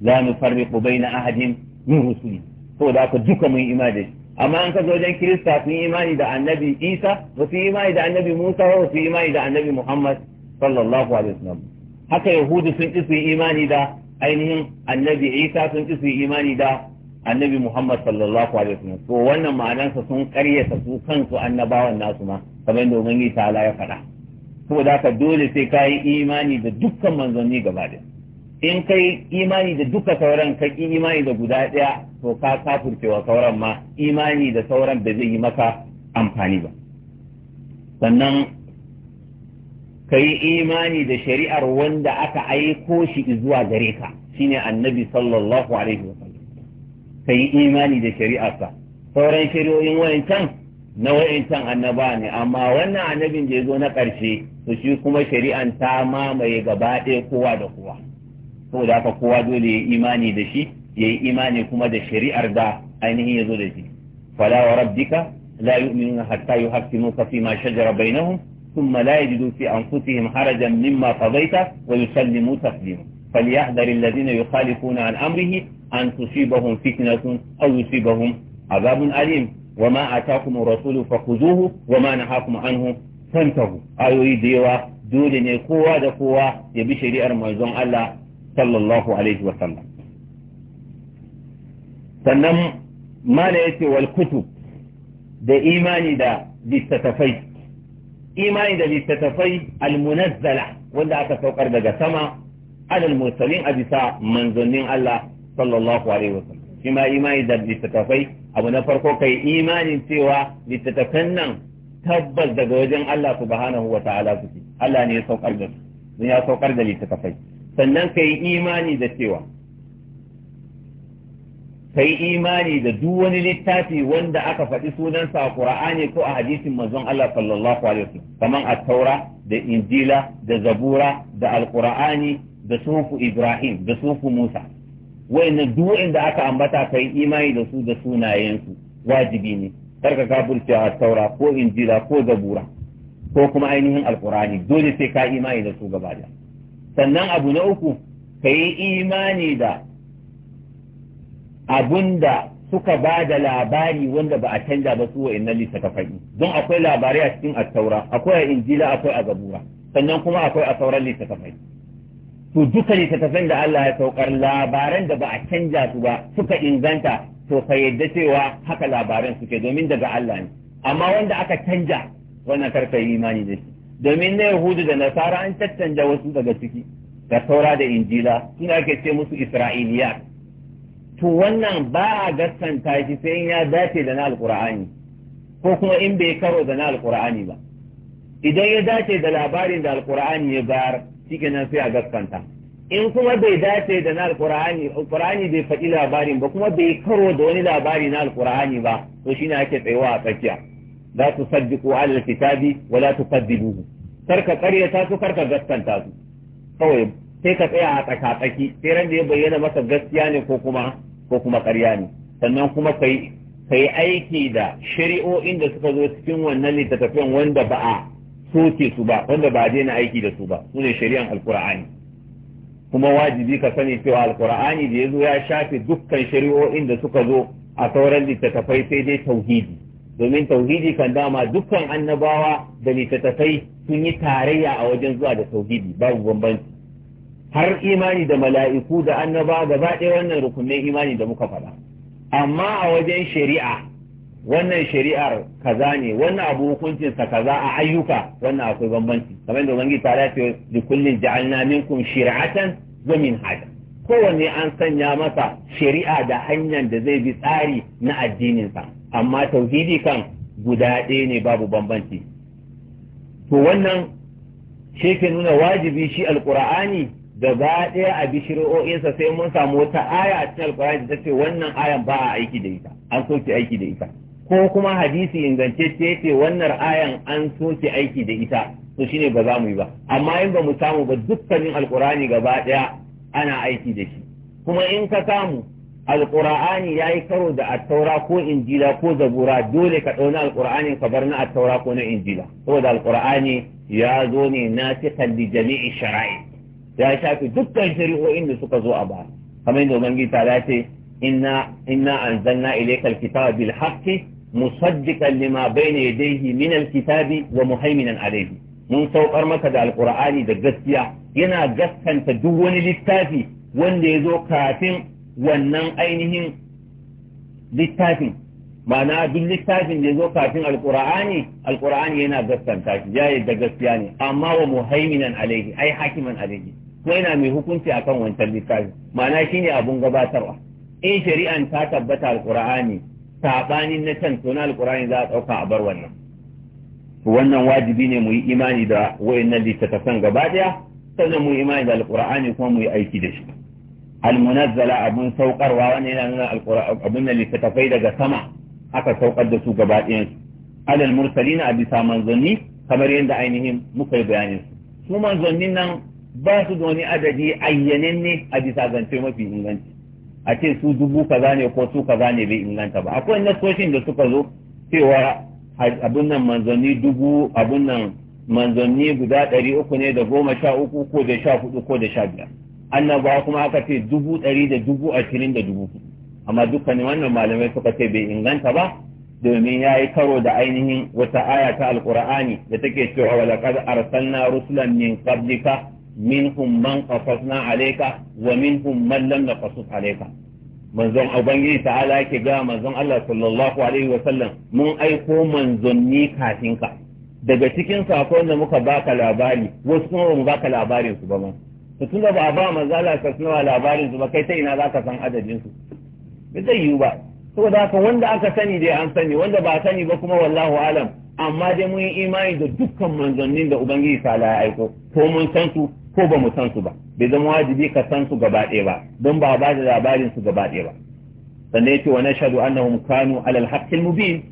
Speaker 2: la nufarriqu baina ahadin min rusuli saboda haka duka mun imani da shi amma an kaga wajen kirista sun imani da annabi isa ba su imani da annabi musa ba su imani da annabi muhammad sallallahu alaihi wasallam haka yahudu sun ƙi su imani da ainihin annabi isa sun ƙi su imani da annabi muhammad sallallahu alaihi wasallam to wannan ma'anarsa sun karyata su kansu annabawan nasu ma kamar da ubangiji ta ya faɗa saboda haka dole sai ka yi imani da dukkan manzanni gaba da in yi imani da duka sauran ka ƙi imani da guda ɗaya to ka kafurcewa sauran ma imani da sauran da zai yi maka amfani ba sannan ka yi imani da shari'ar wanda aka aiko shi zuwa gare ka shine annabi sallallahu alaihi wasallam ka yi imani da shari'arsa sauran shari'o'in can na wa'incan annaba ne amma wannan annabin da ya zo na ƙarshe to shi kuma shari'an ta mamaye gaba ɗaya kowa da kowa saboda haka kowa dole ya yi imani da shi ya yi imani kuma da shari'ar da ainihin ya zo da shi fala wa rabbika la yu'minuna hatta yuhaqqimuka fi ma shajara bainahum thumma la yajidu fi anfusihim harajan mimma qadayta wa yusallimu taslima فليحذر الذين يخالفون عن أمره أن تصيبهم فتنة أو يصيبهم عذاب أليم wa ma atakum rasulu fakhuzuhu wa ma nahakum anhu fantahu ayoyi da yawa dole ne kowa da kowa ya bi shari'ar manzon Allah sallallahu alaihi wa sallam sannan mana yace wal kutub da imani da littattafai imani da littattafai almunazzala wanda aka saukar daga sama alal mursalin a bisa Allah sallallahu alaihi shi ma imani da littattafai abu na farko kai imanin cewa littattafan nan tabbas daga wajen Allah subhanahu wa ta'ala suke Allah ne ya saukar da su ya saukar da littattafai sannan kai imani da cewa kai imani da duk wani littafi wanda aka faɗi sunansa a Qur'ani ko a hadisin manzon Allah sallallahu alaihi wasallam kaman at-Taura da Injila da Zabura da Al-Qur'ani da sufu Ibrahim da sufu Musa wayannan duk da aka ambata kai imani da su da sunayensu wajibi ne karka burce a taura ko injila ko zabura ko kuma ainihin alkurani dole sai ka imani da su gaba da sannan abu na uku ka yi imani da abun da suka ba da labari wanda ba a canja ba su wa'annan littattafai don akwai labarai a cikin taura akwai a injila akwai a zabura sannan kuma akwai a sauran littattafai to duka ta da Allah ya saukar labaran da ba a canja su ba suka inganta to ka yadda cewa haka labaran suke domin daga Allah ne amma wanda aka canja wannan karka imani da shi domin na Yahudu da Nasara an tattanja wasu daga ciki da saura da Injila suna ake ce musu Isra'iliya to wannan ba a gaskanta shi sai in ya dace da na Alƙur'ani ko kuma in bai karo da na Alƙur'ani ba idan ya dace da labarin da Alƙur'ani ya bayar nan sai a gaskanta in kuma bai dace da na alkur'ani alkur'ani bai faɗi labarin ba kuma bai karo da wani labari na alkur'ani ba to shine ake tsayawa a tsakiya za su la tusaddiqu ala alkitabi wa la tukadzibuhu karka karyata su karka gaskanta su kawai sai ka tsaya a tsakatsaki sai ran da ya bayyana masa gaskiya ne ko kuma ko kuma ƙarya ne sannan kuma kai kai aiki da shari'o'in da suka zo cikin wannan littattafan wanda ba a soke su ba wanda ba daina aiki da su ba su ne shari'an alkur'ani kuma wajibi ka sani cewa alkur'ani da ya zo ya shafe dukkan shari'o'in da suka zo a sauran littattafai sai dai tauhidi domin tauhidi kan dama dukkan annabawa da littattafai sun yi tarayya a wajen zuwa da tauhidi babu bambanci har imani da mala'iku da annaba gaba ɗaya wannan rukunin imani da muka faɗa amma a wajen shari'a wannan shari'ar kaza ne wannan abu hukuncinsa kaza a ayyuka wannan akwai bambanci kamar da ubangiji ta lafiya da kullin ja'alna minkum shir'atan wa minhaja kowanne an sanya masa shari'a da hanyar da zai bi tsari na addininsa amma tauhidi kan guda ɗaya ne babu bambanci to wannan shi ke nuna wajibi shi alkur'ani gaba ɗaya a bi shari'o'insa sai mun samu wata aya a cikin alqur'ani da ta ce wannan ayan ba a aiki da ita an soke aiki da ita ko kuma hadisi ingantacce tete wannan ayan an soke aiki da ita to shine ba za mu yi ba amma in ba mu samu ba dukkanin alqur'ani gaba daya ana aiki da shi kuma in ka samu alqur'ani yayi karo da attaura ko injila ko zabura dole ka dauna alqur'ani ka bar na attaura ko na injila saboda alqur'ani ya zo ne na cikin da jami'i shara'i ya shafi dukkan shari'o'in da suka zo a ba. kamar yadda ubangiji ta ce إنا, إنا أنزلنا إليك الكتاب بالحق مصدقا لما بين يديه من الكتاب ومهيمنا عليه mun saukar maka da alkur'ani da gaskiya yana gaskanta duk wani littafi wanda ya zo kafin wannan ainihin littafin ma'ana duk littafin da ya zo kafin alkur'ani alkur'ani yana gaskanta shi ya da gaskiya ne amma wa muhaiminan alaihi ai hakiman alaihi ko yana mai hukunci akan wancan littafi ma'ana shine abun gabatarwa in shari'an ta tabbata alqur'ani sabanin na can tona alkur'ani za a ɗauka a bar wannan wannan wajibi ne mu yi imani da wayannan littattafan gaba daya sannan mu yi imani da alqur'ani kuma mu yi aiki da shi almunazzala abun saukarwa wannan yana nuna abun da littattafai daga sama aka saukar da su gaba ɗayan alal mursalina a bisa manzanni kamar yadda ainihin muka yi bayanin su su manzannin nan ba su da wani adadi ayyanen ne a bisa zance mafi inganci a ce su dubu kaza ne ko su kaza ne bai inganta ba akwai nasoshin da suka zo cewa abun nan manzanni dubu abun nan manzanni guda ɗari uku ne da goma sha uku ko da sha hudu ko da sha biyar annabawa kuma aka ce dubu ɗari da dubu ashirin da dubu amma dukkanin wannan malamai suka ce bai inganta ba domin ya yi karo da ainihin wata aya ta alkur'ani da take cewa walaqad arsalna rusulan min qablika minhum man qasasna alayka wa minhum man lam naqasus alayka manzon ubangiji ta'ala yake ga manzon Allah sallallahu alaihi wa sallam mun aiko manzonni kafin ka daga cikin sakon da muka baka labari wasu kuma ba mu baka labarin su ba ma to tunda ba a ba manzo Allah sallallahu labarin su ba kai ta ina zaka san adadin su bai zai yiwu ba saboda haka wanda aka sani dai an sani wanda ba sani ba kuma wallahu alam amma dai mun yi imani da dukkan manzannin da ubangiji ta'ala ya aiko ko mun san su ko ba mu san su ba bai zama wajibi ka san su gaba ɗaya ba don ba ba da labarin su gaba ɗaya ba sannan yace wa nashhadu annahum kanu alal haqqil mubin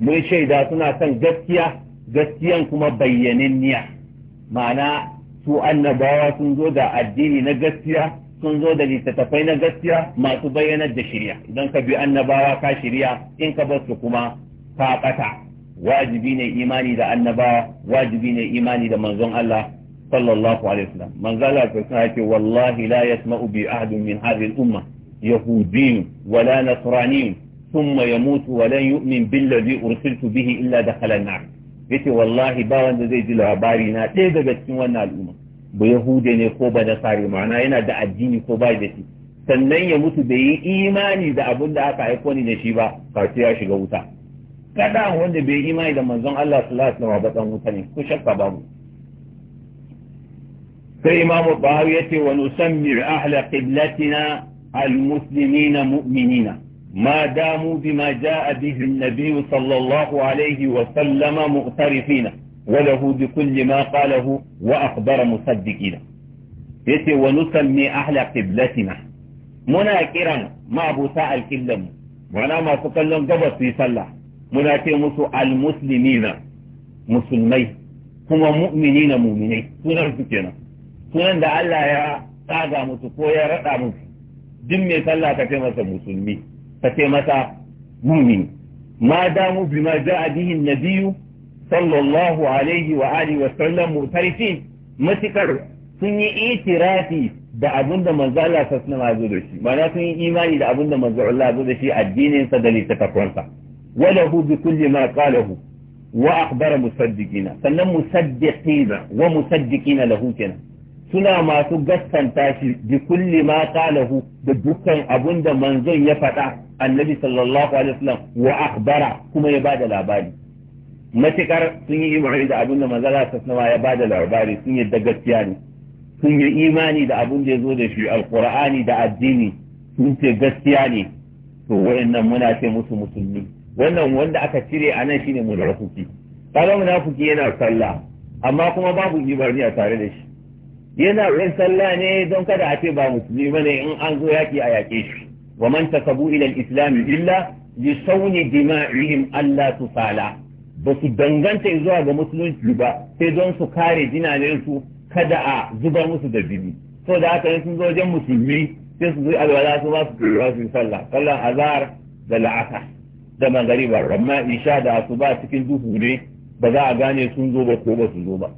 Speaker 2: mun shaida suna kan gaskiya gaskiyan kuma bayyananniya ma'ana su annabawa sun zo da addini na gaskiya sun zo da littattafai na gaskiya masu bayyanar da shirya idan ka bi annabawa ka shirya in ka bar su kuma ka ɓata wajibi ne imani da annabawa wajibi ne imani da manzon Allah sallallahu alaihi wasallam manzo Allah ta sa yake wallahi la yasma'u bi ahadin min hadhihi al-umma yahudiyyun wala nasraniyyun ثم يموت ولن يؤمن بالذي أرسلت illa إلا دخل النار yace wallahi ba wanda zai ji labari na ɗaya daga cikin wannan al'umma ba yahude ne ko ba nasari ma'ana yana da addini ko ba da shi sannan ya mutu bai yi imani da abin da aka aiko ni da shi ba kafin ya shiga wuta kada wanda bai yi imani da manzon Allah sallallahu alaihi wasallam ba dan wuta ne ko shakka babu فإمام الضاوية bahawi أهل قبلتنا المسلمين مؤمنين ما داموا بما جاء به النبي صلى الله عليه وسلم مغترفين وله بكل ما قاله وأخبر مصدقين يتي ونسمي أهل قبلتنا مناكرا ما أبو بوساء كلم وانا ما تكلم قبل في صلى مناكر كمسو المسلمين مسلمين هم مؤمنين مؤمنين سنرسكنا sunan da Allah ya tsaga musu ko ya raɗa musu duk mai sallah ka ce masa musulmi ka ce masa mumin ma damu bima ja'a bihi nabiyyu sallallahu alaihi wa alihi wa sallam mutarifin matikar sun yi itirafi da abin da manzo Allah ta suna zo da shi ma'ana sun yi imani da abin da manzo Allah zo da shi addinin sa da littafansa wala hu bi kulli ma qalahu wa akhbara musaddiqina sannan musaddiqina wa musaddiqina lahu kenan suna masu gaskanta shi bi kulli ma qalahu da dukkan abunda manzon ya faɗa annabi sallallahu alaihi wasallam wa akhbara kuma ya bada labari matikar sun yi imani da abin da manzala ta sanawa ya bada labari sun yi da gaskiya ne sun yi imani da abin da ya zo da shi alqur'ani da addini sun ce gaskiya ne to wayannan muna ce musu musulmi wannan wanda aka cire anan shine munafiki kaga munafiki yana sallah amma kuma babu ibarni a tare da shi yana wurin sallah ne don kada a ce ba musulmi bane in an zo yaki a yake shi wa man takabu ila al-islam illa bi sawni dima'ihim alla tusala ba su danganta zuwa ga musulunci ba sai don su kare dinanen su kada a zubar musu da bibi so da haka sun zo wajen musulmi sai su zo alwala su ba su tsira su sallah sallah azhar da la'asa da magariba amma isha da asuba cikin duhu ne ba za a gane sun zo ba ko ba su zo ba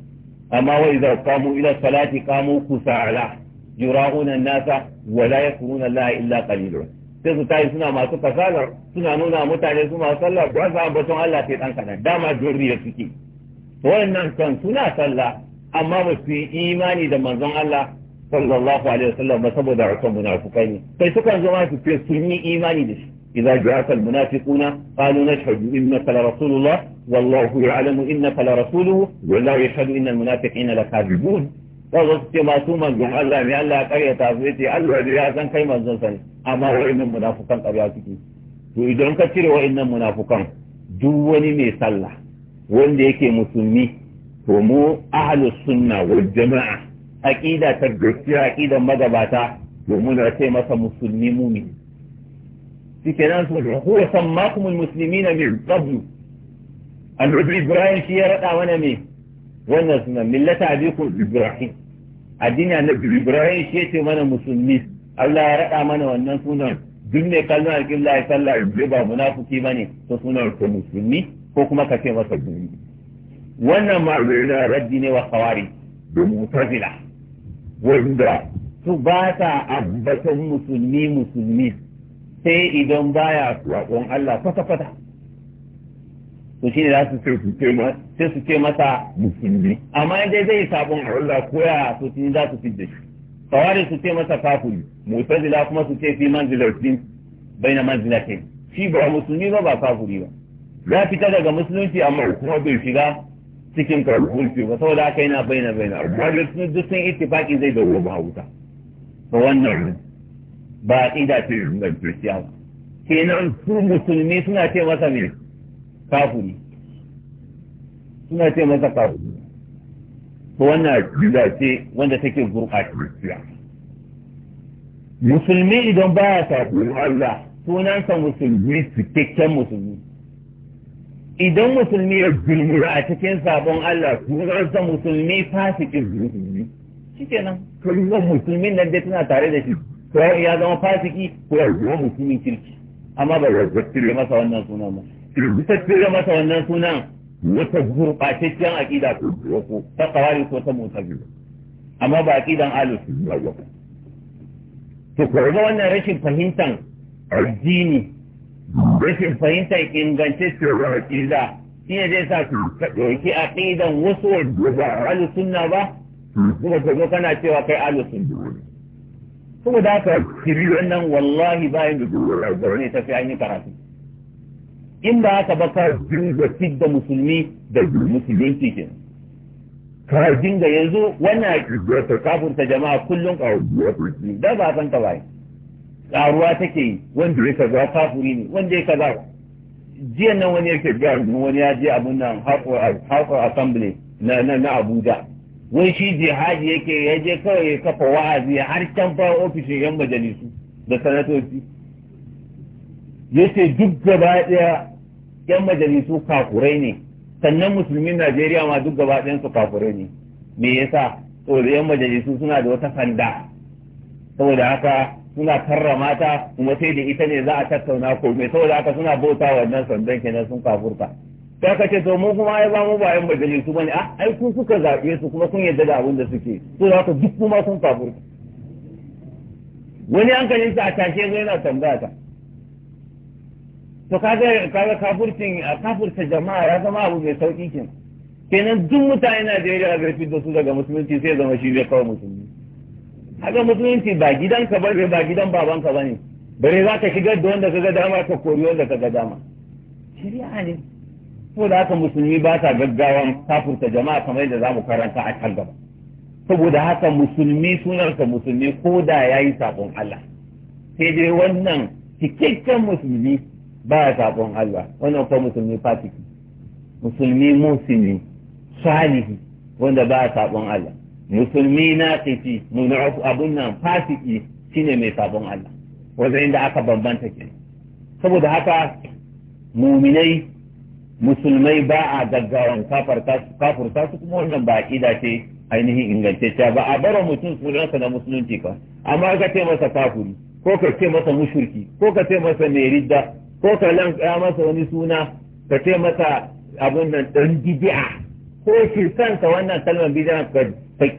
Speaker 2: amma wa idza qamu ila salati qamu kusala yura'una an-nasa wa la yakuruna Allah illa qalilun sai su tayi suna masu kasalar suna nuna mutane su masu sallah sa batun Allah sai dan kadan dama durriya suke wannan kan suna sallah amma ba su yi imani da manzon Allah sallallahu alaihi wasallam ba saboda rukan munafikai ne kai sukan zo ma su fi sun yi imani da shi idza ja'aka al-munafiquna qalu nashhadu rasulullah والله يعلم إنك لرسوله والله يشهد إن المنافقين لكاذبون kawai su ce masu manzon Allah ne Allah ya karyata su ya ce Allah ya san kai manzon sa ne amma wa'annan munafukan karya suke to idan ka cire wa'annan munafukan duk wani mai sallah wanda yake musulmi to mu ahlus sunna wal jama'a aqida ta gaskiya aqidan magabata to muna ce masa musulmi mumin shikenan su huwa sammakumul min annabi ibrahim shi ya rada wani ne wannan suna millata abikum ibrahim addini annabi ibrahim shi ya ce mana musulmi Allah ya rada mana wannan sunan duk mai kallon alƙibla ya sallah ibrahim ba munafiki bane to sunan ko musulmi ko kuma ka ce masa duni wannan ma ma'azurina raddi ne wa kawari da mutazila wanda su ba ta abbatan musulmi musulmi sai idan baya roƙon Allah kwata-kwata to shi ne za su ce sai su ce masa musulmi amma dai zai sabon Allah ko ya so shi za su fi shi kawari su ce masa kafiri mutazila kuma su ce fi na baina ke shi ba musulmi ba ba kafiri ba ya fita daga musulunci amma kuma bai shiga cikin karfulci ba saboda aka yana baina baina amma sun duk sun ittifaqi zai dawo ba wuta ba wannan ba ida ce ga Kristiyawa kenan su musulmi suna ce masa mai kafuri suna ce masa kafuri ko wannan aqida ce wanda take gurɓatacciya musulmi idan baya sabon Allah sa musulmi cikakken musulmi idan musulmi ya gulmura a cikin sabon Allah sa musulmi fasikin musulmi shikenan kalmar musulmin nan dai tana tare da shi ko ya zama fasiki ko ya zama musulmin kirki amma ba ya zartar masa wannan sunan ba ta masa wannan sunan wata gurɓataccen aƙida ko ko ta ƙawari ko ta mutazila amma ba aƙidan ahlus sunna ba to ko ga wannan rashin fahimtar addini rashin fahimtar ingantacciyar aƙida shi ne zai sa su ka ɗauki aƙidan wasu wanda ba ahlus sunna ba kuma ka zo kana cewa kai ahlus sunna saboda haka kiri wannan wallahi bayan da duk ne tafi an yi karatu inda aka ba ka dinga da musulmi da musulunci ke ka dinga yanzu wannan kafurta jama'a kullum ƙaruwa da ba san ka ba karuwa take yi wanda ya kaza kafuri ne wanda ya kaza jiya nan wani yake ga wani ya je abun nan haƙo assembly na na Abuja wai shi jihadi yake ya je kawai ya kafa wa'azi har can fa ofishin yan majalisu da sanatoci yace duk gaba ɗaya yan majalisu kafurai ne sannan musulmin Najeriya ma duk gaba ɗayan kafurai ne me yasa saboda yan majalisu suna da wata sanda saboda haka suna karrama ta kuma sai da ita ne za a tattauna komai saboda haka suna bauta wannan sandan kenan sun kafurta ta kace to mu kuma ai ba mu ba yan majalisu bane a ah, ai kun suka zabe su kuma kun yarda da abin da suke to da haka duk kuma sun kafurta wani hankalinsa a tashe zai yana tambaya ta to kaga kaga kafurcin kafurta jama'a ya zama abu mai sauki kin kenan duk mutane na da Najeriya bai fito su daga musulunci sai zama shi zai kawo musulmi haka musulunci ba ka bane ba gidan babanka bane bare za ka shigar da wanda ka ga dama ka kori wanda ka dama shari'a ne ko da haka musulmi ba ta gaggawan kafurta jama'a kamar yadda za mu karanta a can gaba saboda haka musulmi sunarsa musulmi ko da yayi sabon Allah sai dai wannan cikakken musulmi baya sabon Allah wannan ko musulmi fatiki musulmi musulmi salihi wanda baya sabon Allah musulmi naqisi mun'af abun nan fatiki shine mai sabon Allah wanda inda aka bambanta ke saboda haka muminai musulmai ba a gaggawan ta su kuma wannan ba aƙida ce ainihin ingantacciya ba a bara mutum sunansa na musulunci ba amma ka ce masa kafuri ko ka ce masa mushurki ko ka ce masa mai ridda ko ka ya masa wani suna ka ce masa abun nan ɗan bidi'a ko shi kanka wannan kalmar bidi'a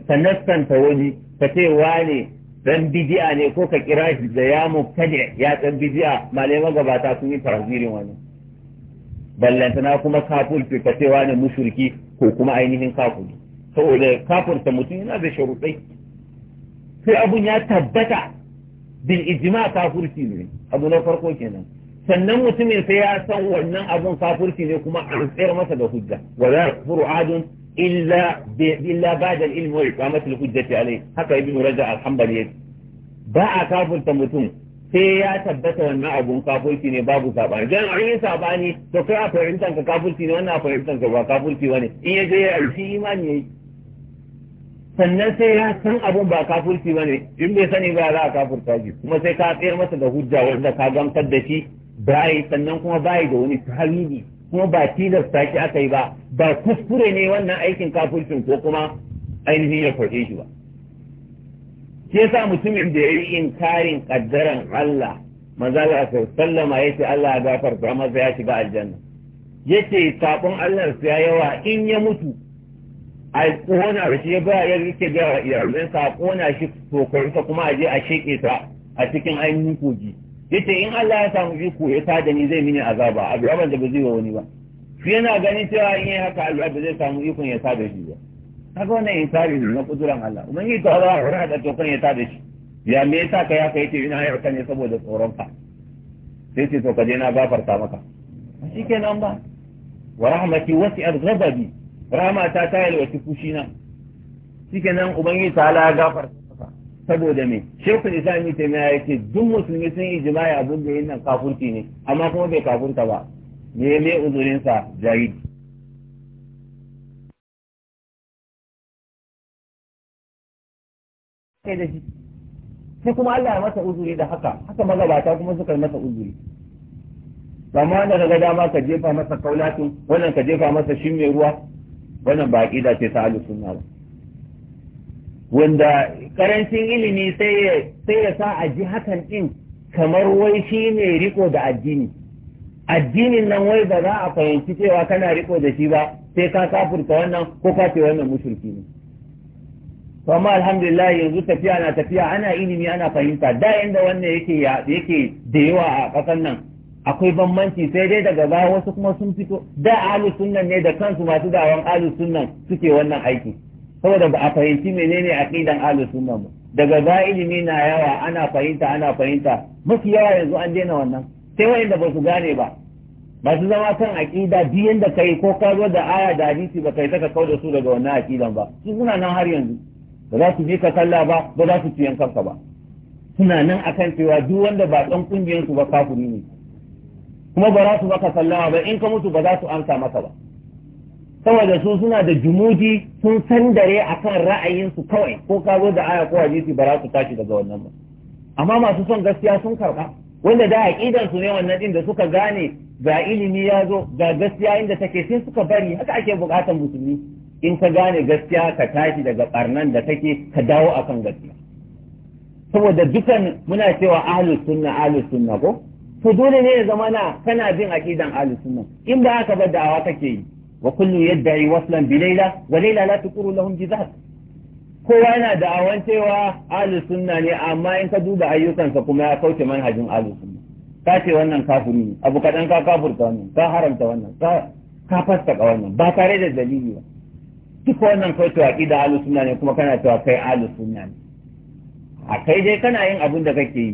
Speaker 2: ka naskanta wani ka ce wane ɗan bidi'a ne ko ka kira shi da ya mubtadi ya ɗan bidi'a malamai magabata sun yi tahzirin wani ballantana kuma kafurci ka ce wane mushurki ko kuma ainihin kafuri saboda kafurta mutum yana da sharuɗai sai abun ya tabbata bin ijma kafurci ne abu na farko kenan sannan mutumin sai ya san wannan abun kafurci ne kuma a tsayar masa da hujja wa la yakfuru adun illa illa ba'da al-ilm wa iqamati al-hujjati alayhi haka ibn rajab al-hanbali ba a kafurta mutum sai ya tabbata wannan abun kafurci ne babu sabani dan an yi sabani to kai a fahimtar ka kafurci ne wannan a fahimtar ka ba kafurci bane in ya je ya alfi imani yayi sannan sai ya san abun ba kafurci bane in bai sani ba za a kafurta shi kuma sai ka tsayar masa da hujja wanda ka gamsar da shi bayi sannan kuma bayi da wani tarihi kuma ba tilasta shi aka yi ba ba kuskure ne wannan aikin kafircin ko kuma ainihin ya farfe shi ba Ke sa mutumin da ya yi inkarin kaddaran Allah manzala a sallama ya ce Allah ya gafarta masa ya shiga aljanna ya ce saƙon Allah su ya yawa in ya mutu a ƙona shi ya ba ya rike da iyalan sa ƙona shi to kuma a je a sheke ta a cikin ainihin kogi yace in Allah ya samu iko ya tada ni zai mini azaba azaban da ba zai wa wani ba shi yana ganin cewa in yi haka Allah zai samu ikon ya tada shi ba kaga wannan insari ne na kuduran Allah ubangiji ta Allah ya hada ya tada shi ya me yasa ka ya kai ce ya ne saboda tsoron ka sai ce to ka je na gafarta maka ba wa rahmati rahmata ta fushina ubangiji ta ya gafarta saboda me shirku islam ne ya yake duk musulmi sun yi jima'i abin da yin nan kafunci ne amma kuma bai kafunta ba me me uzurinsa jahili sai kuma Allah ya masa uzuri da haka haka magabata kuma suka masa uzuri ba ma wanda daga dama ka jefa masa kaulatin wannan ka jefa masa shin mai ruwa wannan ba ƙida ce ta ahlus wanda karancin ilimi sai ya sa a ji hakan ɗin kamar wai shi ne riko da addini addinin nan wai ba za a fahimci cewa kana riko da shi ba sai ka kafurta wannan ko ka ce wannan mushirki ne to amma alhamdulillah yanzu tafiya na tafiya ana ilimi ana fahimta da yanda wannan yake yake da yawa a kasar nan akwai bambanci sai dai daga baya wasu kuma sun fito da alu sunnan ne da kansu masu dawon alu sunnan suke wannan aiki saboda ba a fahimci menene aqidan ahlus sunna ba daga ga ilimi na yawa ana fahimta ana fahimta mafi yawa yanzu an daina wannan sai wayanda ba su gane ba ba su zama kan aqida biyan da kai ko ka da aya da hadisi ba kai saka kau da su daga wannan aqidan ba su suna nan har yanzu ba za su bi ka kalla ba ba za su ci kanka ba suna nan akan cewa duk wanda ba dan kungiyar su ba kafuni ne kuma ba za su baka sallama ba in ka mutu ba za su amsa maka ba saboda su suna da jumuji sun san dare a kan ra'ayinsu kawai ko ka zo da aya ko hadisi ba za su tashi daga wannan ba amma masu son gaskiya sun karɓa wanda da aqidan su ne wannan din da suka gane ga ilimi ya zo ga gaskiya inda take sai suka bari haka ake bukatan musulmi in ka gane gaskiya ka tashi daga barnan da take ka dawo akan gaskiya saboda dukan muna cewa ahlus sunna ahlus sunna ko to dole ne ya zama na kana bin aqidan ahlus sunna in ba haka ba da'awa kake yi وكل يدعي وصلا بليلى وليلى لا تقول لهم جزاء kowa yana da'awan cewa ahli sunna ne amma in ka duba ayyukansa kuma ya kauce manhajin ahli sunna ka ce wannan kafiri ne abu kadan ka kafurta wannan ka haramta wannan ka ka fastaka wannan ba tare da dalili ba duk wannan kai to aqida ahli sunna ne kuma kana cewa kai ahli sunna ne a kai dai kana yin abin da kake yi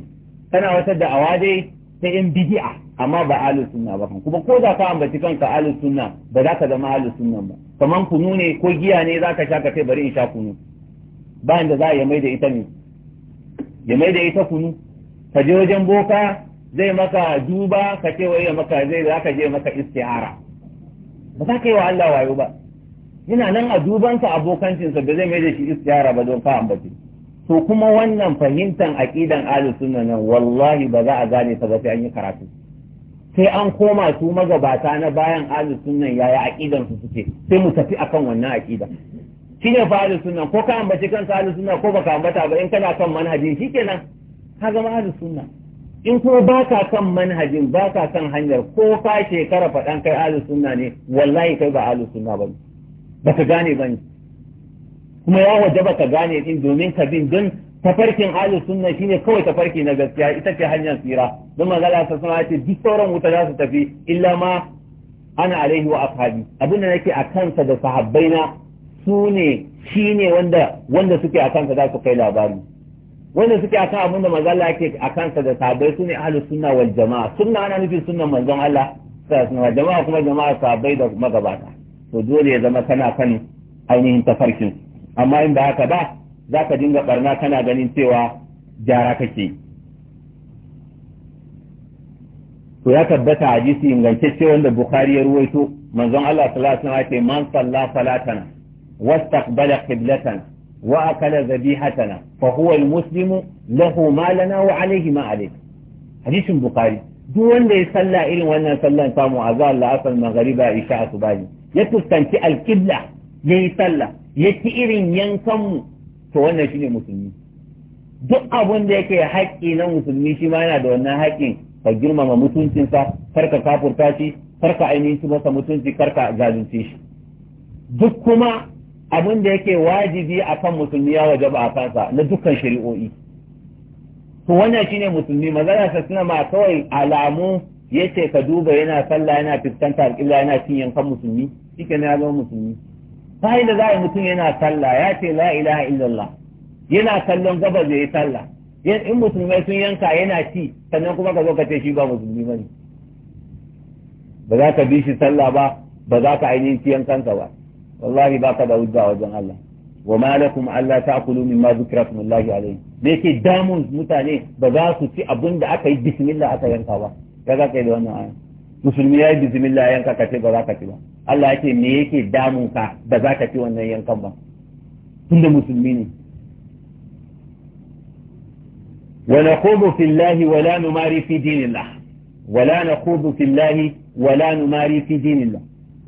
Speaker 2: kana wata da awa dai ta yan bidi'a amma ba ahlus sunna ba kuma ko da ka ambaci kanka ahlus sunna ba za ka zama ahlus sunna ba kaman kunu ne ko giya ne za ka sha ka ce bari in sha kunu bayan da za ya mai da ita ne ya mai da ita kunu ka je wajen boka zai maka duba ka ce wai maka zai za ka je maka isti'ara ba za ka yi wa Allah wayo ba yana nan a dubansa abokancinsa ba zai mai da shi isti'ara ba don ka ambaci to kuma wannan fahimtar aqidan ahlus sunna nan wallahi ba za a gane ta ba sai an yi karatu sai an koma su magabata na bayan ahlus sunna yaya aqidan su suke sai mu tafi akan wannan aqida ne fa ahlus sunna ko ka ambaci kan ahlus sunna ko baka ambata ba in kana kan manhaji shikenan ka zama ahlus sunna in kuma ba ka kan manhajin ba ka kan hanyar ko ka shekara faɗan kai ahlus sunna ne wallahi kai ba ahlus sunna ba ba ka gane ba ne kuma ya wajaba ka gane din domin ka bin don tafarkin ahlus sunna shine kawai tafarki na gaskiya ita ce hanyar tsira don magana ta suna ce duk sauran wuta za su tafi illa ma ana alaihi wa ashabi abin da nake a kansa da sahabbaina su ne shi ne wanda wanda suke a kansa za su kai labari wanda suke a akan abin da manzo Allah yake a kansa da sahabbai su ne ahlus sunna wal jama'a sunna ana nufin sunnan manzon Allah sallallahu jama'a kuma jama'a sahabbai da magabata to dole ya zama kana kan ainihin tafarkin su amma in ba haka ba za ka dinga barna kana ganin cewa jara kake to ya tabbata hadisi ingantacce wanda bukhari ya ruwaito manzon Allah sallallahu alaihi wasallam man salla salatan wastaqbala qiblatan wa akala zabihatana fa huwa almuslimu lahu ma lana wa alayhi ma alayk hadisin bukhari duk wanda ya salla irin wannan sallan samu azal la asal maghriba isha subahi ya fuskanci alqibla yayi sallah ya ci irin yankanmu to wannan shi ne musulmi duk abin da yake haƙƙi na musulmi shi ma yana da wannan haƙƙin ka girmama mutuncinsa kar ka kafurta shi kar ka ainihin shi masa mutunci kar ka zalunce shi duk kuma abin da yake wajibi a kan musulmi ya waje ba a kansa na dukkan shari'o'i to wannan shi ne musulmi magana sa suna ma kawai alamu yace ka duba yana sallah yana fiskanta alƙibla yana cin yankan musulmi shike ne ya zama musulmi ta da za a mutum yana sallah ya ce la ilaha illallah yana kallon gabas ya yi sallah in musulmai sun yanka yana ci sannan kuma ka zo ka ce shi ba musulmi bane ba za ka bi shi sallah ba ba za ka ainihin ci yankanka ba wallahi ba ka da hujja wajen Allah wa ma lakum alla ta'kulu mimma zukira kumullahi alayhi Me yake damun mutane ba za su ci abin da aka yi bismillah aka yanka ba ya za ka da wannan aya musulmi ya yi bismillah yanka ka ce ba za ka ci ba Allah ya ce me yake damun ka da za ka fi wannan yankan ba tunda musulmi ne wala khudu fillahi wala numari fi dinillah wala na nakhudu fillahi wala numari fi dinillah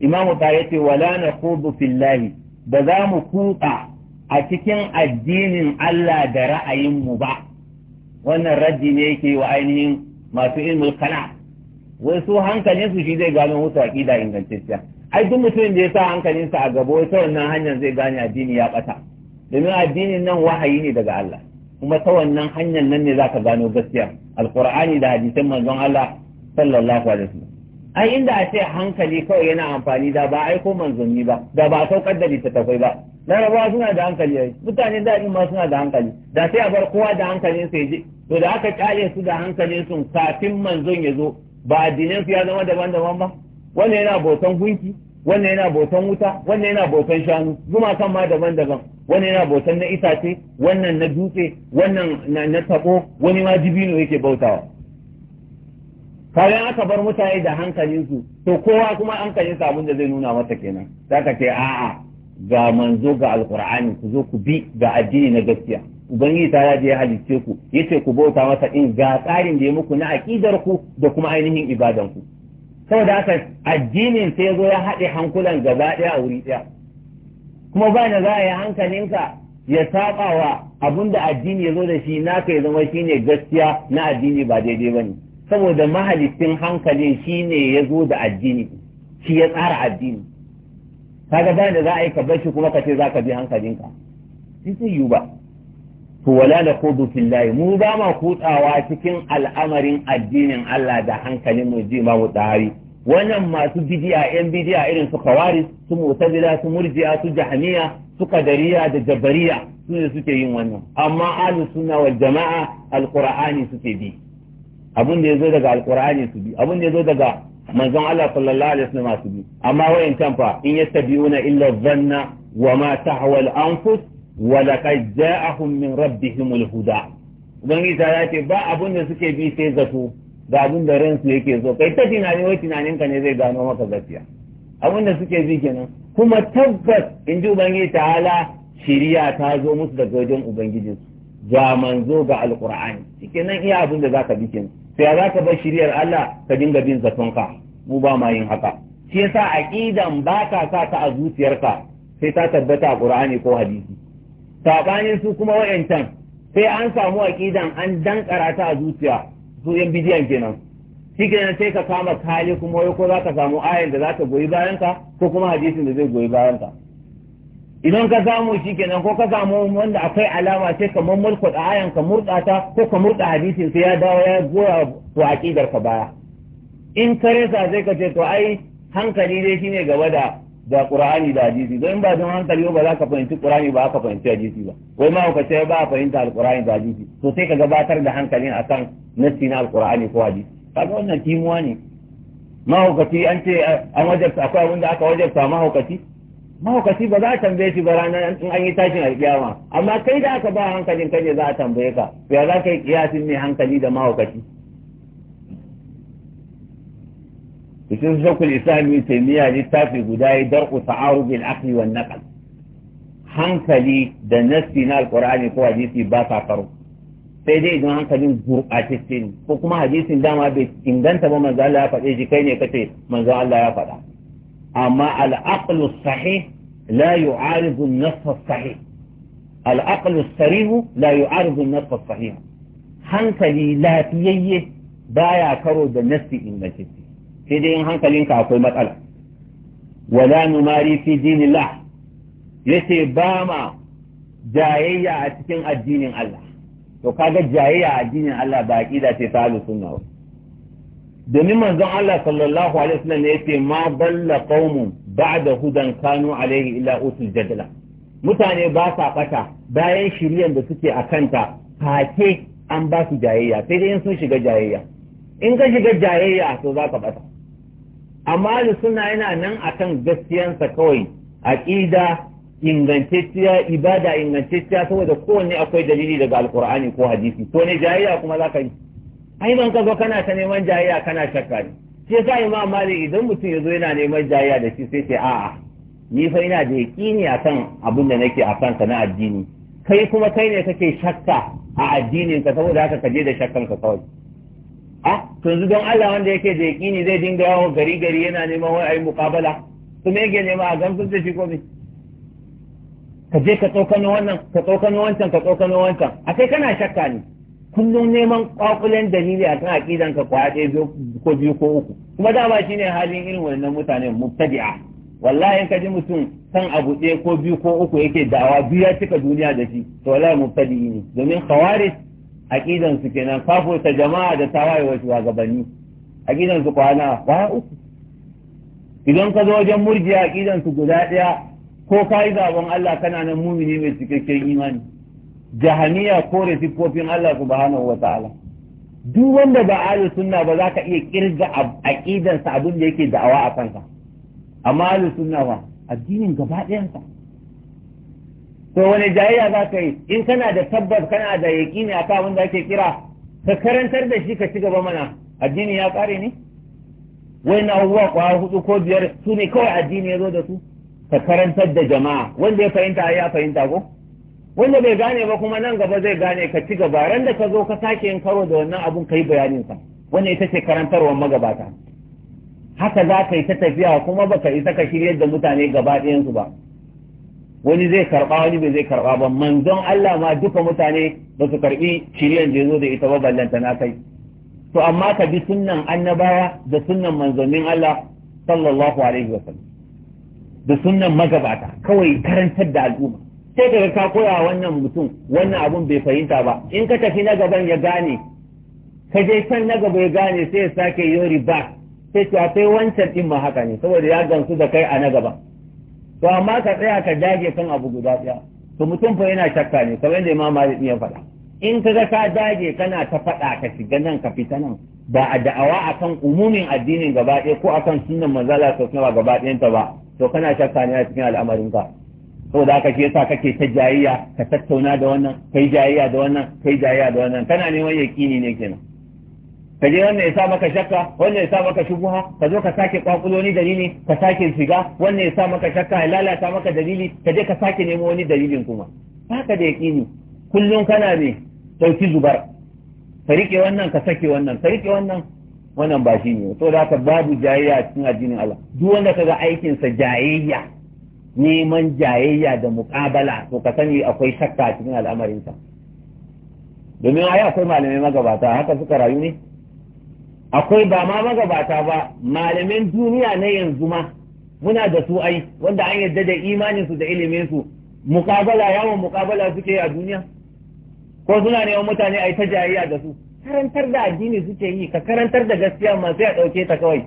Speaker 2: Imam ta yace wala na nakhudu fillahi ba za mu kuka a cikin addinin Allah da ra'ayin mu ba wannan raddi ne yake wa ainihin masu ilmul kana wai su hankalin su shi zai gano musu aqida ingantacciya ai duk mutumin da ya sa hankalinsa a gaba ta wannan hanyar zai gane addini ya bata domin addinin nan wahayi ne daga Allah kuma ta wannan hanyar nan ne ka gano gaskiya alqur'ani da hadisan manzon Allah sallallahu alaihi wasallam ai inda a ce hankali kawai yana amfani da ba aiko manzanni ba da ba saukar da littattafai ba larabawa suna da hankali ai mutane da ma suna da hankali da sai a bar kowa da hankalin ya je to da aka kyale su da hankalin su kafin manzon ya zo ba addininsu su ya zama daban-daban ba wannan yana bautan gunki wannan yana bautan wuta wannan yana bautan shanu gumakan ma daban-daban wannan yana bautan na itace wannan na dutse wannan na tabo wani ma jibino yake bautawa kayan aka bar mutane da hankalinsu to kowa kuma hankalinsa samun da zai nuna masa kenan zaka ce a'a ga manzo ga alkur'ani ku zo ku bi ga addini na gaskiya ubangiji ta ya halicce ku ce ku bauta masa in ga tsarin da ya muku na aƙidar ku da kuma ainihin ibadan ku saboda haka addinin sai zo ya haɗe hankulan gaba ɗaya a wuri ɗaya kuma ba ni za a yi hankalinka ya saba wa abin da addini ya zo da shi naka ya zama shi ne gaskiya na addini ba daidai ba ne saboda mahalicin hankalin shi ne ya zo da addini shi ya tsara addini kaga ba da za a yi ka bashi kuma ka ce za ka bi hankalinka sai sai yiwu ba to wala da kudu fillahi mu ba ma kutsawa cikin al'amarin addinin Allah da hankalin mu ji imamu tsari wannan masu bidiya yan bidiya irin su kawaris su mu'tazila su murji'a su jahmiya su kadariya da jabariya su ne suke yin wannan amma ahlus sunna wal jama'a alqur'ani suke bi abin da yazo daga alqur'ani su bi abin da yazo daga manzon Allah sallallahu alaihi wasallam su bi amma wayan illa wa ma wa laqad ja'ahum min rabbihim al-huda ubangiji ce ba abun da suke bi sai zato ga abun da ransu yake zo kai ta tunani wai tunanin ka ne zai gano maka gaskiya abun da suke bi kenan kuma tabbas in ji ta ta'ala shiriya ta zo musu daga wajen ubangiji ga manzo ga alqur'ani nan iya abin da zaka bi kenan sai ya zaka bar shiriyar Allah ka dinga bin zatonka mu ba ma yin haka shi yasa aqidan ba ka sa ta a zuciyarka sai ta tabbata a Qur'ani ko hadisi sabanin su kuma wayancan sai an samu aqidan an dan karata a zuciya su yan bidiyan kenan shi kenan sai ka kama kali kuma wai ko ka samu ayan da ka goyi bayan ka ko kuma hadisin da zai goyi bayan ka idan ka samu shi kenan ko ka samu wanda akwai alama sai ka da ayan ka murda ta ko ka murda hadisin sai ya dawo ya goya wa aqidar ka baya in ka resa sai ka ce to ai hankali dai shine gaba da da qur'ani da hadisi don in ba don hankali ba za ka fahimci qur'ani ba ka fahimci hadisi ba wai ma ka ce ba fahimta alqur'ani da hadisi to sai ka gabatar da hankalin akan nassi na alqur'ani ko hadisi kaga wannan timuwa ne mahaukaci an ce an wajabta akwai abin da aka wajabta mahaukaci mahaukaci ba za a tambaye shi ba ranar in an yi tashin alƙiyama amma kai da aka ba hankalin kai ne za a tambaye ka ya za ka yi kiyasin mai hankali da mahaukaci cikin shakul islam ibn taymiya littafi guda ya darku ta'arud al-aqli wan naql hankali da nassi na alƙurani ko hadisi ba sa karo sai dai idan hankalin gurɓatacce ne ko kuma hadisin dama bai inganta ba manzo Allah ya faɗe shi kai ne kace manzo Allah ya faɗa amma al-aqlu sahih la yu'aridu an-nass sahih al-aqlu sarih la yu'aridu an-nass sahih hankali lafiyayye baya karo da nassi ingantacce sai dai in hankalinka akwai matsala wala numari fi dinillah yace ba ma jayayya a cikin addinin Allah to kaga jayayya a addinin Allah ba aqida ce ta halu sunna ba domin manzon Allah sallallahu alaihi wasallam ne yace ma balla qaumun ba'da hudan kanu alaihi illa usul jadala mutane ba sa bata bayan shiryan da suke a kanta take an ba su jayayya sai dai sun shiga jayayya in ka shiga jayayya to za ka bata amma da suna yana nan akan gaskiyansa kawai ƙida ingantacciya ibada ingantacciya saboda kowane akwai dalili daga alkur'ani ko hadisi to ne jayayya kuma za ka yi ai ban ka zo kana ta neman jayayya kana shakka ne shi yasa imam idan mutum ya zo yana neman jayayya da shi sai ce a'a ni fa ina da yaqini akan abin da nake a kansa na addini kai kuma kai ne kake shakka a addininka ka saboda haka ka je da shakkanka kawai a to yanzu don Allah wanda yake da yaƙini zai dinga yawo gari gari yana neman wai ayi muƙabala to me yake nema a gamsar da shi ko me ka je ka tsokano wannan ka tsokano wancan ka tsokano wancan a kai kana shakka ne kullum neman kwakulen dalili a kan aƙidan ka kwa ɗaya ko biyu ko uku kuma dama shi ne halin irin wannan mutane mubtadi'a wallahi in ka ji mutum kan abu ɗaya ko biyu ko uku yake dawa biyu ya cika duniya da shi to wallahi mubtadi'i ne domin khawarij aƙidansu kenan kafurta jama'a da tawaye wa shugabanni aqidan kwana kwana uku idan ka zo wajen murjiya aqidan su guda ɗaya. ko ka yi zaben Allah kana nan mumini mai cikakken imani jahaniya ko siffofin Allah subhanahu wa ta'ala duk wanda ba ahli sunna ba za ka iya kirga aqidan sa abin da yake da'awa a kansa amma ahli sunna ba addinin gaba ɗayan sa to wani jayayya za ka yi in kana da tabbas kana da ne a kan da ake kira ka karantar da shi ka ci gaba mana addini ya ƙare ne wai na abubuwa kwa hudu ko biyar su ne kawai addini ya zo da su ka karantar da jama'a wanda ya fahimta ya fahimta ko wanda bai gane ba kuma nan gaba zai gane ka ci gaba ran da ka zo ka sake yin karo da wannan abun ka yi bayanin sa wannan ita ce karantarwar magabata haka za ka yi ta tafiya kuma baka isa ka shiryar da mutane gaba ɗayan su ba wani zai karba wani bai zai karba ba manzon Allah ma duka mutane ba su karbi shiryan da ya zo da ita ba ballanta na kai to amma ka bi sunnan annabawa da sunnan manzonin Allah sallallahu alaihi wa da sunnan magabata kawai karantar da al'umma sai ka ka koya wannan mutum wannan abun bai fahimta ba in ka tafi na gaban ya gane ka je can na gaba ya gane sai ya sake yori ba sai ta sai wancan din ma haka ne saboda ya gansu da kai a na gaba to amma ka tsaya ka dage kan abu guda ɗaya to mutum fa yana shakka ne kamar yadda imam malik ya faɗa in ka ga ka dage kana ta faɗa ka shiga nan ka fita nan ba a da'awa akan umumin addinin gaba ɗaya ko akan sunnan manzala ta sunna gaba ɗayanta ba to kana shakka ne a cikin al'amarin ka saboda haka shi yasa kake ta jayayya ka tattauna da wannan kai jayayya da wannan kai jayayya da wannan kana neman yaƙini ne kenan ka je wannan ya sa maka shakka wannan ya sa maka shubuha ka zo ka sake kwakulo wani dalili ka sake shiga wannan ya sa maka shakka ya lalata maka dalili ka je ka sake nemo wani dalilin kuma haka da yaqini kullum kana ne dauki zubar ka rike wannan ka sake wannan ka rike wannan wannan ba shi ne to da haka babu jayayya cikin addinin Allah duk wanda kaga aikinsa jayayya neman jayayya da muƙabala to ka sani akwai shakka cikin al'amarin al'amarinsa domin ai akwai malamai magabata haka suka rayu ne akwai ba ma magabata ba malamin duniya na yanzu ma muna da su ai wanda an yarda da imanin su da ilimin su mukabala yawon mukabala suke a duniya ko suna neman mutane ai ta jayayya da su karantar da addini suke yi ka karantar da gaskiya ma sai a ɗauke ta kawai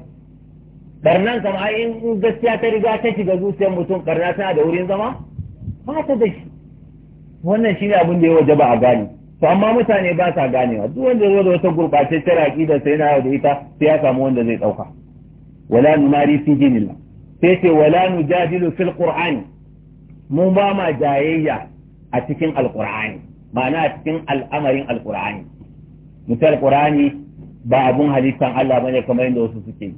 Speaker 2: barnan kama ai in gaskiya ta riga ta shiga zuciyar mutum karna tana da wurin zama ba ta da shi wannan shine abin da ya waje ba a gani to amma mutane ba sa ganewa duk wanda zo da wata gurbataccen aqida sai na da ita sai ya samu wanda zai dauka wala numari fi dinillah sai ce wala nujadilu fil qur'ani mu ba ma jayayya a cikin alqur'ani ma'ana a cikin al'amarin alqur'ani misal qur'ani ba abun halittan Allah bane kamar yadda wasu suke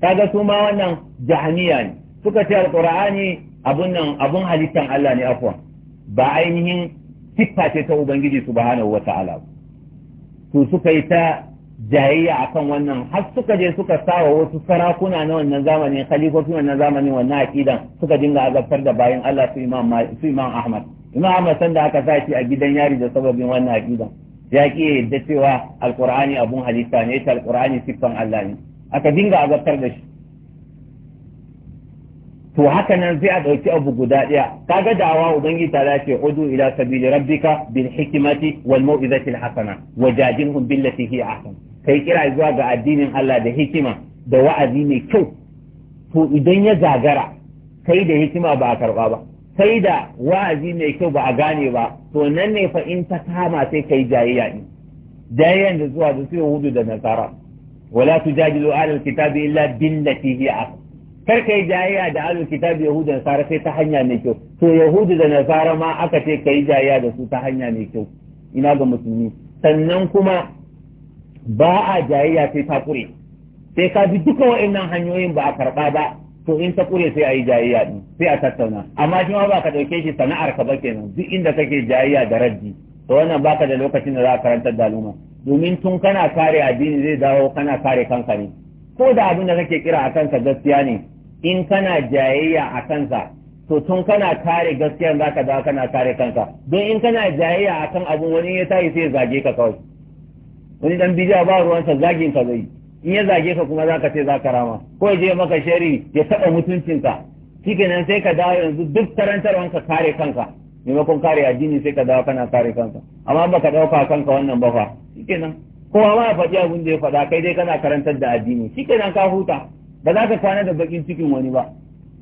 Speaker 2: kaga su ma wannan jahaniya ne suka ce alqur'ani abun nan abun halittan Allah ne afwan ba ainihin siffa ce ta ubangiji subhanahu wata'ala to suka yi ta jayayya akan wannan har suka je suka sawa wasu sarakuna na wannan zamani khalifofi wannan zamani wannan aqidan suka dinga azabtar da bayan Allah su imam Ahmad imam Ahmad sanda aka sa shi a gidan yari da sababin wannan aqidan ya ki yadda cewa alqur'ani abun halitta ne ta alqur'ani siffan Allah ne aka dinga azabtar da shi to haka nan sai a ɗauki abu guda ɗaya kaga dawa ubangiji ta ce udu ila sabili rabbika bil hikmati wal mau'izati al hasana wajadilhum billati hi ahsan kai kira zuwa ga addinin Allah da hikima da wa'azi mai kyau to idan ya gagara kai da hikima ba a karba ba sai da wa'azi mai kyau ba a gane ba to nan ne fa in ta kama sai kai jayayya ne jayayyan da zuwa da su hudu da nasara wala tujadilu ahlul kitabi illa billati hi ahsan kar ka yi jayayya da alul kitabi yahudu da nasara sai ta hanya mai kyau to yahudu da nasara ma aka ce ka yi jayayya da su ta hanya mai kyau ina ga musulmi sannan kuma ba a jayayya sai ta kure sai ka bi duka wa'annan hanyoyin ba a karba ba to in ta kure sai a yi jayayya din sai a tattauna amma shi ma ba ka dauke shi sana'ar ka ba kenan duk inda kake jayayya da raddi to wannan baka da lokacin da za ka karantar da al'umma domin tun kana kare addini zai dawo kana kare kanka ne ko da abin da kake kira a kanka gaskiya ne in kana jayayya a kansa to tun kana kare gaskiya za ka za kana kare kanka don in kana jayayya a kan abin wani ya tayi sai zage ka kawai wani dan bidiya ba ruwansa zagin ka zai in ya zage ka kuma za ka ce za ka rama ko ya je maka shari ya taɓa mutuncinka nan sai ka dawo yanzu duk ka kare kanka maimakon kare addini sai ka dawo kana kare kanka amma baka ɗauka kanka wannan ba fa shikenan kowa ma ya faɗi abin da ya faɗa kai dai kana karantar da addini nan ka huta ba za ka kwana da bakin cikin wani ba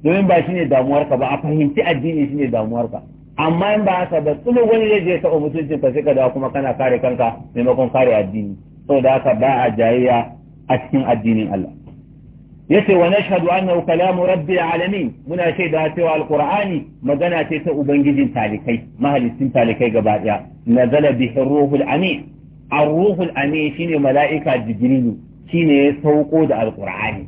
Speaker 2: domin ba shine damuwarka ba a fahimci addini shine damuwarka amma in ba haka ba tsulu wani zai je taɓa mutuncin ka sai ka dawo kuma kana kare kanka maimakon kare addini saboda haka ba a jayayya a cikin addinin Allah yace wa nashhadu annahu kalamu rabbil alamin muna shaida cewa alqur'ani magana ce ta ubangijin talikai mahalicin talikai gaba daya nazala bihi ruhul amin ar-ruhul amin shine mala'ika jibrilu shine ya sauko da alqur'ani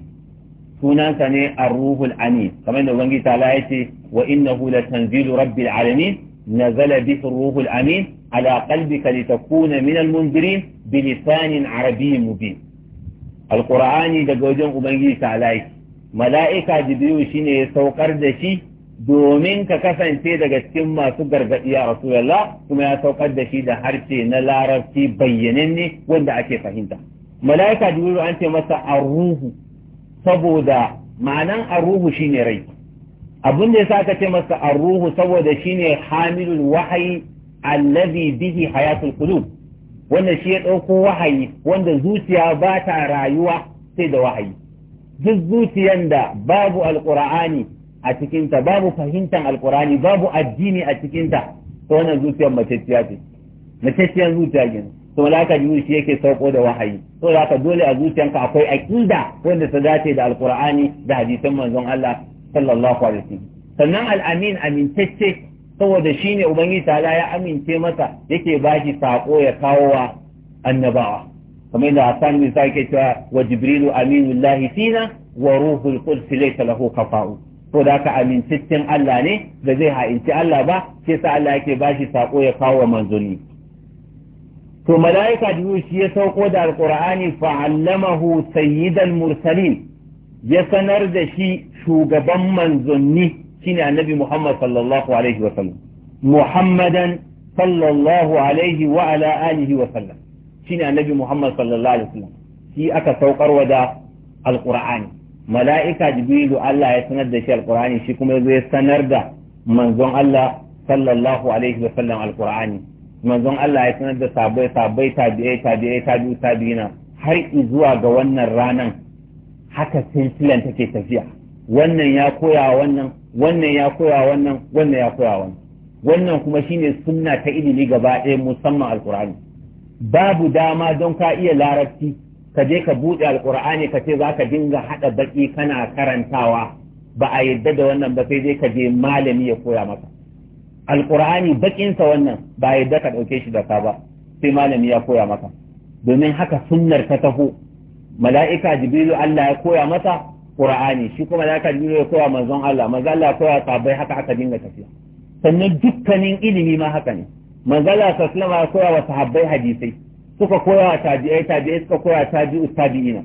Speaker 2: sunansa ne a ruhul amin kamar da ubangiji ta ya ce wa innahu la tanzilu rabbil alamin nazala bihi ar-ruhul amin ala qalbika litakuna min al-munzirin bi lisanin arabiyyin mubin alqur'ani daga wajen ubangiji ta ya mala'ika jibril shine ya saukar da shi domin ka kasance daga cikin masu gargaɗi a Rasulullah kuma ya saukar da shi da harshe na larabci bayyananne wanda ake fahimta. Mala'ika Jibrilu an ce masa ruhu. saboda ma'anan arruhu shine rai abin da sa ka ce masa arruhu saboda shine hamilul wahayi allazi bihi hayatul qulub wanda shi ya ɗauko wahayi wanda zuciya ba ta rayuwa sai da wahayi duk zuciyan da babu alqur'ani a cikinta babu fahimtar alqur'ani babu addini a cikinta to wannan zuciyar maceciya ce maceciyar zuciya kenan to laka jibril shi yake sauko da wahayi to laka dole a zuciyanka akwai aqida wanda ta dace da alqur'ani da hadisin manzon Allah sallallahu alaihi wasallam sannan al-amin amintacce saboda shine ubangiji ta ya amince masa yake bashi sako ya kawo wa annabawa kamar yadda Hassan bin sake cewa wa jibrilu aminullahi fina wa ruhul quds laysa lahu kafa'u to da ka amintaccen Allah ne da zai ha'inci Allah ba sai sa Allah yake bashi sako ya kawo wa manzoni to mala'ika biyu shi ya sauko da alkur'ani fa allamahu sayyidal mursalin ya sanar da shi shugaban manzanni shine annabi Muhammad sallallahu alaihi wa sallam Muhammadan sallallahu alaihi wa ala alihi wa sallam shine annabi Muhammad sallallahu alaihi wa sallam shi aka saukar wa da alkur'ani mala'ika jibrilu Allah ya sanar da shi alqur'ani shi kuma ya sanar da manzon Allah sallallahu alaihi wa sallam alqur'ani manzon Allah ya sanar da sabai sabai tabi'ai tabi'ai tabi'u tabi'ina har zuwa ga wannan ranan haka sinfilan take tafiya wannan ya koya wannan wannan ya koya wannan wannan ya koya wannan wannan kuma shine sunna ta ilimi gaba ɗaya musamman alkur'ani babu dama don ka iya larabci ka je ka buɗe alkur'ani ka ce zaka dinga haɗa baki kana karantawa ba a yadda da wannan ba sai dai ka je malami ya koya maka alqur'ani bakinsa wannan ba ya ka ɗauke shi da ka ba sai malami ya koya maka domin haka sunnar ta taho mala'ika jibrilu Allah ya koya masa qur'ani shi kuma mala'ika jibrilu ya koya manzon Allah manzon Allah ya koya sabai haka aka dinga tafiya sannan dukkanin ilimi ma haka ne manzon Allah sallallahu ya koya wa sahabbai hadisai suka koya wa tabi'ai tabi'ai suka koya wa tabi'u tabi'ina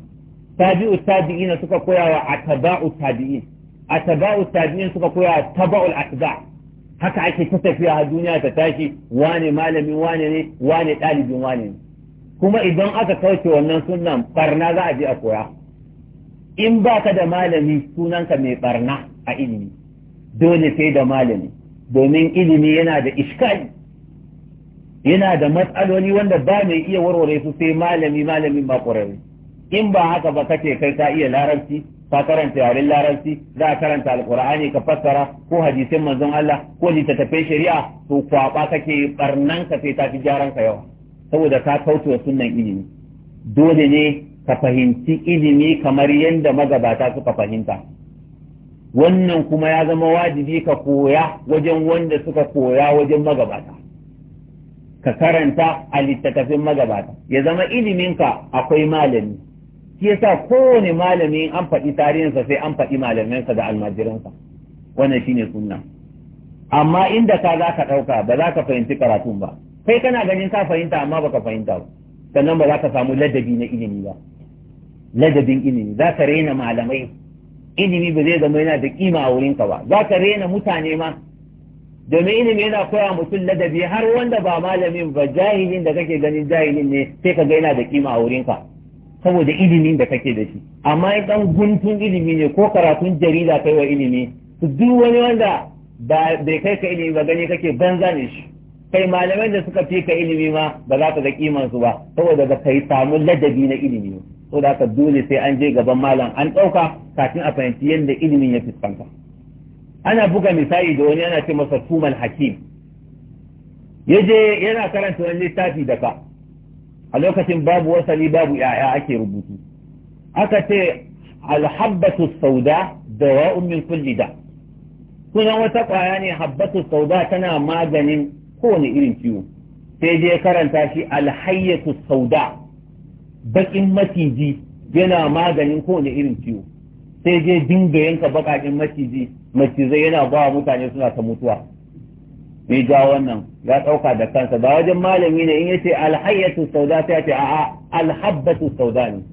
Speaker 2: tabi'u tabi'ina suka koya wa atba'u tabi'in atba'u tabi'in suka koya taba'ul atba' haka ake ta tafiya a duniya ta tashi wane malami wane ne wane ɗalibin wane ne kuma idan aka kauce wannan sunan barna za a je a koya in ba ka da malami sunanka mai barna a ilimi dole sai da malami domin ilimi yana da iskali yana da matsaloli wanda ba mai iya warware su sai malami malami ba ƙwararre in ba haka ba kace kai ka iya larabci ka karanta yaren larabci za a karanta alkur'ani ka fassara ko hadisin manzon Allah ko littattafai shari'a to kwaba kake barnan ka sai tafi gyaran ka yawa saboda ka kauce sunnan ilimi dole ne ka fahimci ilimi kamar yadda magabata suka fahimta wannan kuma ya zama wajibi ka koya wajen wanda suka koya wajen magabata ka karanta a littattafin magabata ya zama iliminka akwai malami shi yasa kowane malami an faɗi tarihinsa sai an faɗi malamansa da almajiransa wannan shine sunna amma inda ka za ka ɗauka ba za ka fahimci karatun ba kai kana ganin ka fahimta amma baka fahimta ba sannan ba za ka samu ladabi na ilimi ba ladabin ilimi za ka rena malamai ilimi ba zai zama yana da kima a wurinka ba za ka rena mutane ma domin ilimi yana koya mutum ladabi har wanda ba malamin ba jahilin da kake ganin jahilin ne sai ka ga yana da kima a wurinka saboda ilimin da kake da shi amma in dan guntun ilimi ne ko karatun jarida kai wa ilimi to duk wani wanda ba bai kai ka ilimi ba gani kake banza ne shi kai malamai da suka fi ka ilimi ma ba za ka ga kiman su ba saboda ba kai samu ladabi na ilimi ba da ka dole sai an je gaban malam an ɗauka kafin a fahimci yadda ilimin ya fuskanta ana buga misali da wani ana ce masa tumal hakim yaje yana karanta wani littafi da ka a lokacin babu wasali babu yaya ake rubutu aka ce alhabbatu sauda dawa'un min kulli da kuma wata kwaya ne habbatu sauda tana maganin kowane irin ciwo sai dai karanta shi alhayyatu sauda bakin maciji yana maganin kowane irin ciwo sai dai dinga yanka bakakin maciji macizai yana ba mutane suna ta mutuwa mai ja wannan ya ɗauka da kansa ba wajen malami ne in ya ce alhayyatu sauda sai ya ce a'a alhabbatu sauda ne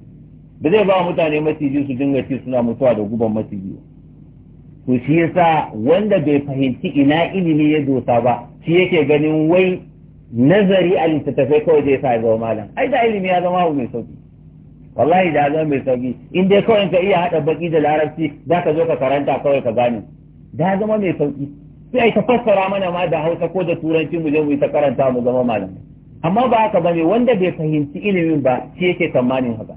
Speaker 2: ba zai ba mutane maciji su dinga ci suna mutuwa da guban maciji to shi yasa wanda bai fahimci ina ilimi ya dosa ba shi yake ganin wai nazari a littattafai kawai zai sa ya zama malam ai da ilimi ya zama mai sauki wallahi da zama mai sauki in dai kawai ka iya haɗa baki da larabci za ka zo ka karanta kawai ka gane da zama mai sauki sai ta fassara mana ma da hausa ko da turanci mu je mu yi ta karanta mu zama malam amma ba haka bane wanda bai fahimci ilimin ba shi yake tsammanin haka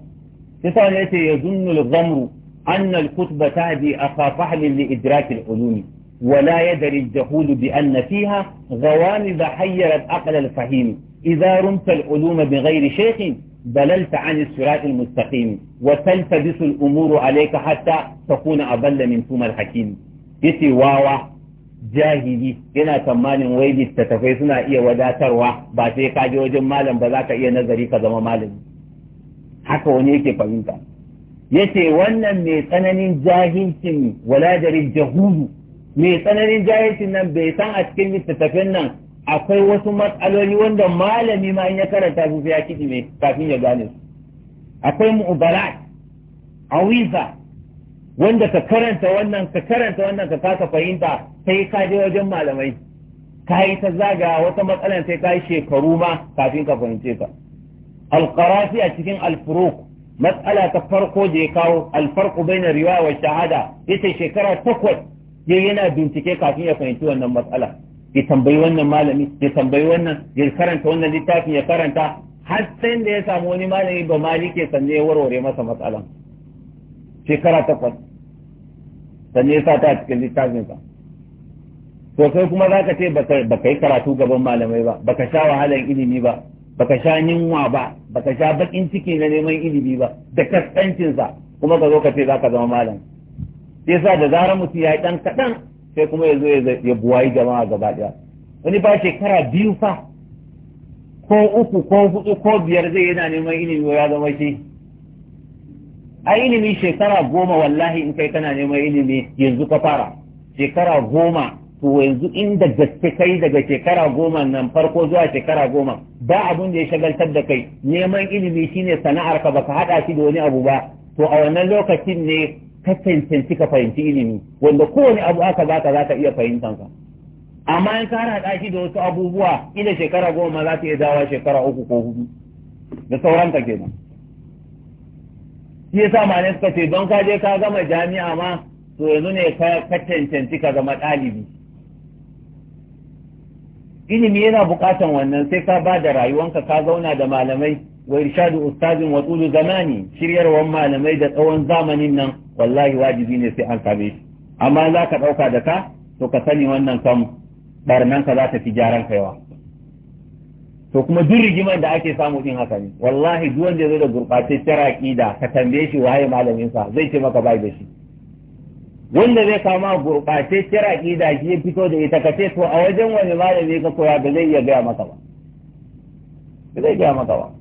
Speaker 2: sai sa ne yace yazunnu al-ghamru anna al-kutba ta'di aqa fahl li idrak al-ulum wa la yadri al-jahul bi anna ولا يدري الجهول بأن فيها غوامض حيرت عقل الفهيم إذا رمت العلوم بغير شيخ بللت عن الصراط المستقيم وتلتبس الأمور عليك حتى تكون أبل من ثم الحكيم يتي واوا jahili yana tsammanin wai littattafai suna iya wadatarwa ba sai ka je wajen malam ba za ka iya nazari ka zama malami haka wani yake fahimta yace wannan mai tsananin jahilcin waladarin jahulu mai tsananin jahilcin nan bai san a cikin littattafin nan akwai wasu matsaloli wanda malami ma in ya karanta su ya kiɗi mai kafin ya gane su akwai mu'ubarat awiza wanda ka karanta wannan ka karanta wannan ka kasa fahimta sai ka je wajen malamai ka yi ta zaga wata matsalan sai ka yi shekaru ma kafin ka fahimce ta alqarafi a cikin alfuruq matsala ta farko da ya kawo alfarqu bainar riwa wa shahada Ita shekara takwas yayi yana bincike kafin ya fahimci wannan matsala ya tambayi wannan malami ya tambayi wannan ya karanta wannan littafin ya karanta har sai da ya samu wani malami ba malike sanne ya warware masa matsalan shekara takwas sannan sa ta a cikin littafinsa to kai kuma za ka ce ba ka yi karatu gaban malamai ba ba ka sha wahalan ilimi ba ba ka sha yunwa ba ba ka sha bakin ciki na neman ilimi ba da kaskancinsa kuma ka zo ka ce za ka zama malam sai sa da zarar mutum ya yi ɗan kaɗan sai kuma ya zo ya buwayi jama'a gaba ɗaya wani ba shekara biyu fa
Speaker 1: ko uku ko
Speaker 2: hudu ko biyar zai yana neman ilimi ya zama shi a ilimi shekara goma wallahi in kai kana neman ilimi yanzu ka fara shekara goma to yanzu inda gaske kai daga shekara goma nan farko zuwa shekara goma ba abun da ya shagaltar da kai neman ilimi shine sana'ar ka baka hada shi da wani abu ba to a wannan lokacin ne ka cancanci ka fahimci ilimi wanda kowane abu aka zaka za ka iya ka amma in ka hada shi da wasu abubuwa ina shekara goma za ta iya dawa shekara uku ko hudu da sauranka kenan shi yasa ne suka ce don ka je ka gama jami'a ma to yanzu ne ka cancanci ka zama ɗalibi ilimi yana buƙatan wannan sai ka ba da rayuwanka ka zauna da malamai wa irshadu ustazin wa tsulu zamani shiryarwar malamai da tsawon zamanin nan wallahi wajibi ne sai an same shi amma za ka ɗauka da ka to ka sani wannan kan ɓarnanka za ta fi gyaran kaiwa to kuma duk rigiman da ake samu din haka ne wallahi duk wanda zai da gurɓataccen aƙida ka tambaye shi waye malamin sa zai ce maka bai da shi wanda zai kama gurɓataccen aƙida shi ya fito da ita ka ce to a wajen wani malami ka koya ba zai iya gaya maka ba ba zai gaya maka ba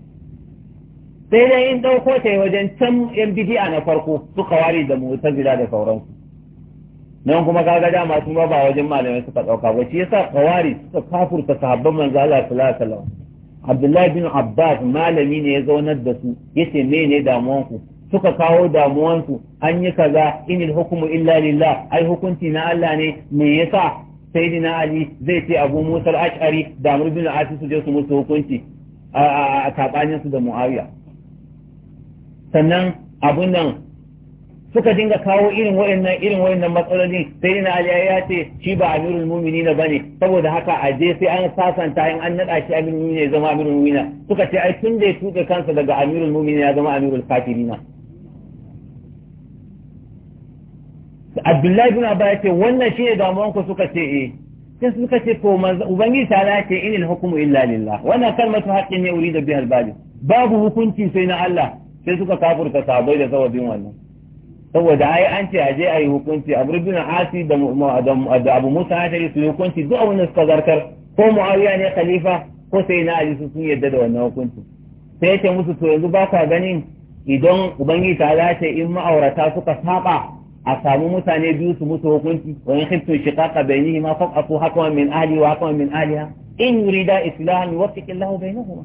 Speaker 2: sai dai in ɗauko ta wajen can yan bidi'a na farko suka kawari da mu'tazila da sauransu nan kuma kaga dama su ba ba wajen malamai suka dauka ba yasa kawari suka kafurta sahabban manzo Allah sallallahu alaihi wasallam Abdullahi bin Abbas malami ne ya zaunar da su yace menene damuwan ku suka kawo damuwan su an yi kaza inil hukmu illa lillah ai hukunci na Allah ne me yasa sayyidina Ali zai ce Abu Musa al-Ash'ari da Amr bin al su je su musu hukunci a tabanin su da Muawiya sannan abun nan suka dinga kawo irin wayannan irin wayannan matsaloli sai na ali ya ce shi ba amirul mu'minina bane saboda haka a je sai an sasanta in an nada shi amirul mu'minina ya zama amirul mu'minina suka ce ai tun da ya tuka kansa daga amirul mu'minina ya zama amirul kafirina Abdullahi bin Abba ya ce wannan shine damuwan ku suka ce eh sai suka ce to ubangiji ta ce inil hukumu illa lillah wannan kalmatu haqqin ne urida biha al babu hukunci sai na Allah sai suka kafurta sabai da sababin wannan saboda ai an ce je a yi hukunci a bin asi da abu musa ashari su yi hukunci duk abin da suka zartar ko muawiya ne khalifa ko sai na ali su sun yadda da wannan hukunci sai ya ce musu to yanzu ba ka ganin idan ubangiji ta dace in ma'aurata suka saba a samu mutane biyu su musu hukunci wa in khiftu shiqaqa bainihima faqatu hakaman min ahli wa hakaman min ahliha in yurida islahan yuwaffiq Allahu bainahuma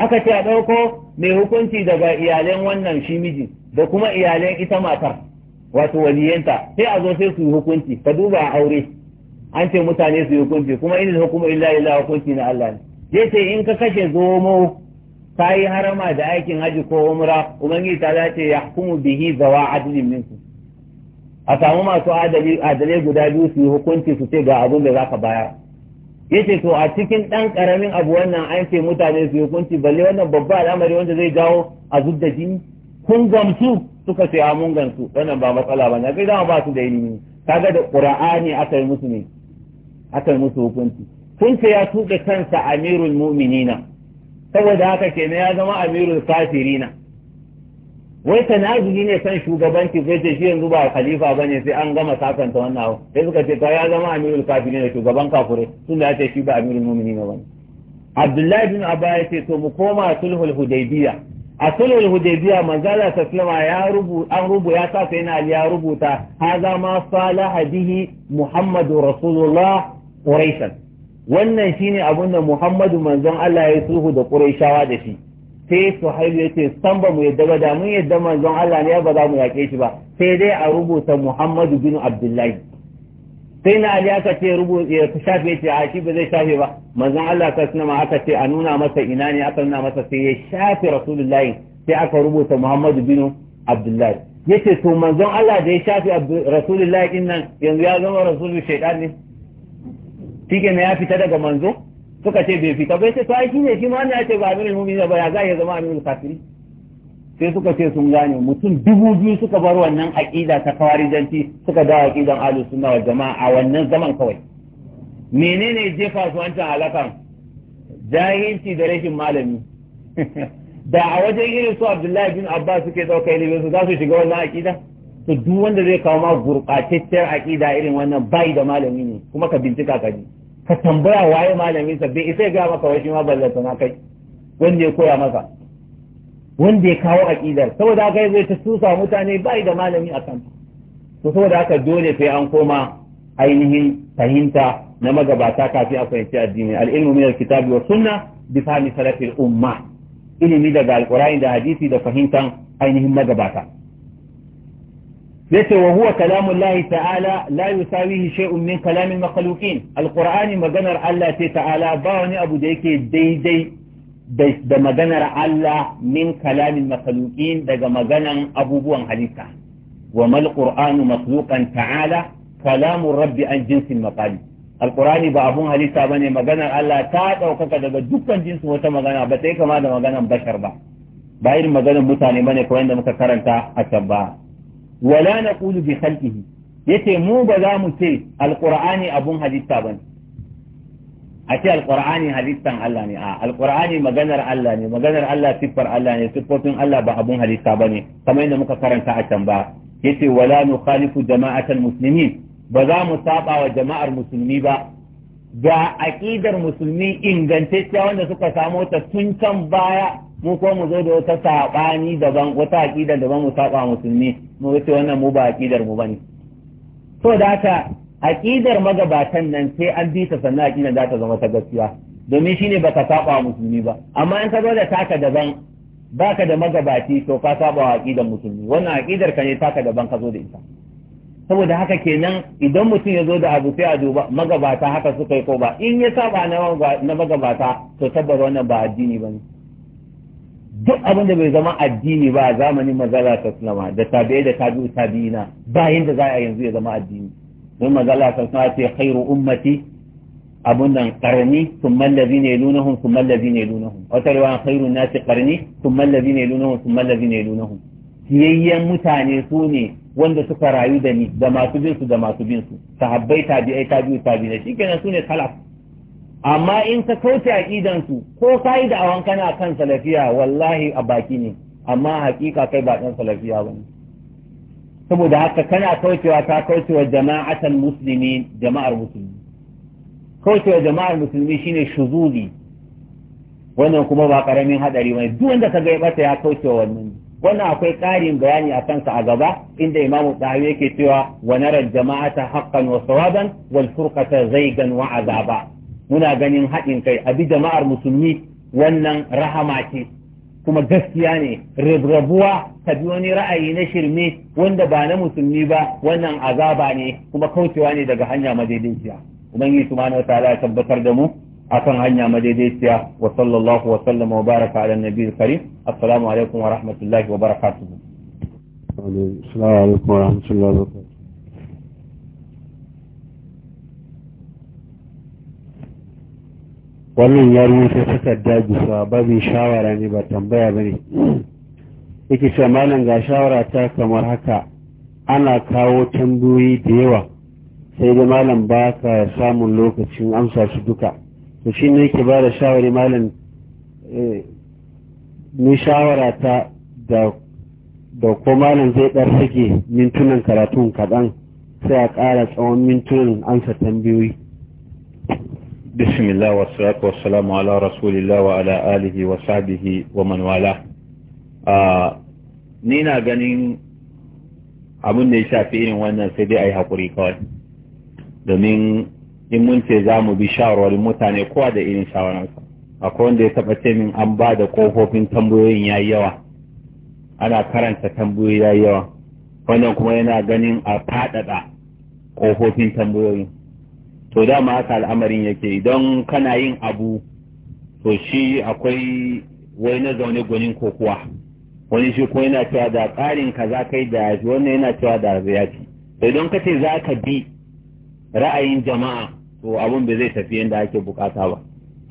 Speaker 2: aka ce a ɗauko mai hukunci daga iyalan wannan shi miji da kuma iyalan ita matar wato waliyanta sai a zo sai su yi hukunci ka duba aure an ce mutane su yi hukunci kuma inda hukuma illa illa hukunci na Allah ne zai ce in ka kashe zomo ka yi harama da aikin haji ko umra ubangiji ta dace ya hukumu bihi zawa adalin minku a samu masu adalai guda biyu su yi hukunci su ce ga abin da za ka bayar yace to a cikin ɗan ƙaramin abu wannan an ce mutane su hukunci balle wannan babba al'amari wanda zai jawo a zub da jini kun gamsu suka ce a mun gamsu wannan ba matsala ba na kai dama ba su da ilimi kaga da qur'ani aka yi musu ne aka yi musu hukunci kun ce ya tuka kansa amirul mu'minina saboda haka kenan ya zama amirul kafirina wai tanajiji ne kan shugabanci zai ce shi yanzu ba khalifa bane sai an gama sakanta wannan abu sai suka ce ya zama amirul kafiri ne shugaban Kafure? sun da ce shi ba amirul mu'minin ba bane abdullahi bin abba ya ce to mu koma sulhul hudaybiya a sulhul hudaybiya manzala sallama ya rubuta an rubu ya sa sai na ya rubuta haza ma salaha bihi muhammadu rasulullah quraishan wannan shine abin da muhammadu manzon Allah ya sulhu da quraishawa da shi sai suhaib ya ce san ba mu yadda ba da mun yadda manzon Allah ne ba za mu yaƙe shi ba sai dai a rubuta Muhammadu bin Abdullahi sai na Ali aka ce ya shafe ce a shi ba zai shafe ba manzon Allah ka suna ma aka ce a nuna masa ina ne aka nuna masa sai ya shafe Rasulullahi sai aka rubuta Muhammadu bin Abdullahi yace to manzon Allah da ya shafe Rasulullahi din nan yanzu ya zama rasulul shaytan ne shi ya fita daga manzo suka ce bai fita bai ce to ai ne shi ma ne ce ba amirul mu'minin ba ya za ya zama amirul kafiri sai suka ce sun gane mutum dubu biyu suka bar wannan aqida ta kawarijanci suka dawo aqidan ahlus sunna wal jamaa a wannan zaman kawai menene jefa su wancan jahilci da rashin malami da a wajen irin su Abdullahi bin Abbas suke dauka ilimi su za su shiga wannan aqida to duk wanda zai kawo ma gurbataccen aqida irin wannan bai da malami ne kuma ka bincika ka ji ka tambaya waye malamin sa bai isa ga maka wai shi ma ballanta na kai wanda ya koya maka wanda ya kawo aqidar saboda haka zai ta tusa mutane bai da malami a kan to saboda haka dole sai an koma ainihin fahimta na magabata kafin a fahimci addini al-ilmu min al-kitabi wa sunna bi fahmi salafil umma ilimi daga alqur'ani da hadisi da fahimtan ainihin magabata yace wa huwa kalamun lahi ta'ala la yusawihi shay'un min kalamin makhluqin alqur'ani maganar Allah ce ta'ala ba wani abu da yake daidai da maganar Allah min kalamin makhluqin daga maganan abubuwan halitta wa mal qur'anu makhluqan ta'ala kalamun rabbi an jinsin maqali alqur'ani ba abun halitta bane maganar Allah ta daukaka daga dukkan jinsin wata magana ba sai kama da maganan bashar ba ba irin maganar mutane bane ko da muka karanta a can ba wala naqulu bi khalqihi yace mu ba za mu ce alqur'ani abun halitta bane a ce alqur'ani Allah ne a alqur'ani maganar Allah ne maganar Allah siffar Allah ne siffofin Allah ba abun halitta bane kamar yadda muka karanta a can ba yace wala nukhalifu jama'atal muslimin ba za mu saɓa wa jama'ar musulmi ba ga aƙidar musulmi ingantacciya wanda suka samo ta tun can baya mu ko mu zo da wata saɓani daban wata aƙidar daban mu saɓa musulmi mu wuce wannan mu ba aƙidar mu bane to da haka aƙidar magabatan nan sai an bi ta sannan aƙidar za ta zama ta gaskiya domin shine baka saba musulmi ba amma in ka zo da taka daban baka da magabati to ka saba wa aqidar musulmi wannan aqidar ka ne taka daban ka zo da ita saboda haka kenan idan mutum ya zo da abu sai a duba magabata haka suka yi ko ba in ya saba na magabata to tabbata wannan ba addini bane duk abin da bai zama addini ba a zamanin mazala ta sulama da tabi'ai da tabi'u tabi'ina bayan da za a yanzu ya zama addini don mazala ta sulama ce khairu ummati abun nan karni thumma allazina yalunahum thumma allazina yalunahum wata riwaya khairu nasi karni thumma allazina yalunahum thumma allazina yalunahum siyayyen mutane su ne wanda suka rayu da ni da masu bin su da masu bin su sahabbai tabi'ai tabi'u tabi'ina shikenan su ne salaf amma in ka kauce aqidan su ko kai da awan kana kan salafiya wallahi a baki ne amma hakika kai ba ɗan salafiya bane saboda haka kana kaucewa ta kaucewa jama'atan musulmi jama'ar musulmi kaucewa jama'ar musulmi shine shuzuli wannan kuma ba karamin hadari bane duk wanda kaga ya bata ya kaucewa wannan wannan akwai ƙarin bayani a kansa a gaba inda imamu tsahawi yake cewa wa nara jama'ata haqqan wa sawaban wal furqata zaigan wa azaba muna ganin haɗin kai a bi jama'ar musulmi wannan rahama ce kuma gaskiya ne rabuwa ka bi wani ra'ayi na shirme wanda ba na musulmi ba wannan azaba ne kuma kaucewa ne daga hanya madaidaiciya ubangiji subhanahu wa ta'ala ya tabbatar da mu akan hanya madaidaiciya wa sallallahu wa sallama wa baraka ala nabiyil karim assalamu alaikum wa rahmatullahi wa barakatuh
Speaker 1: assalamu alaikum wa rahmatullahi wa barakatuh wannan ya rubuta takarda bisa babin shawara ne ba tambaya ba ne yake ce malam ga shawara ta kamar haka ana kawo tambayoyi da yawa sai da malam ba ka samun lokacin amsa su duka
Speaker 2: to shi ne yake ba da shawari malam eh, ni shawara ta da ko malam zai ɗan rage mintunan karatun kaɗan sai a ƙara tsawon mintunan amsa tambayoyi
Speaker 1: بسم الله والصلاة والسلام على رسول الله وعلى آله وصحبه ومن والاه
Speaker 2: ni na ganin abin da ya shafi irin wannan sai dai a yi haƙuri kawai domin in mun ce za mu bi shawarwarin mutane kowa da irin shawararsa akwai wanda ya taɓa ce min an ba da ƙofofin tambayoyin ya yi yawa ana karanta tambayoyi ya yi yawa wannan kuma yana ganin a faɗaɗa ƙofofin tambayoyin to dama haka al'amarin yake idan kana yin abu to shi akwai wai na zaune gwanin kokuwa wani shi ko yana cewa da tsarin ka za ka yi da yaji wannan yana cewa da ya fi to idan ka ce za ka bi ra'ayin jama'a to abun bai zai tafi yadda ake bukata ba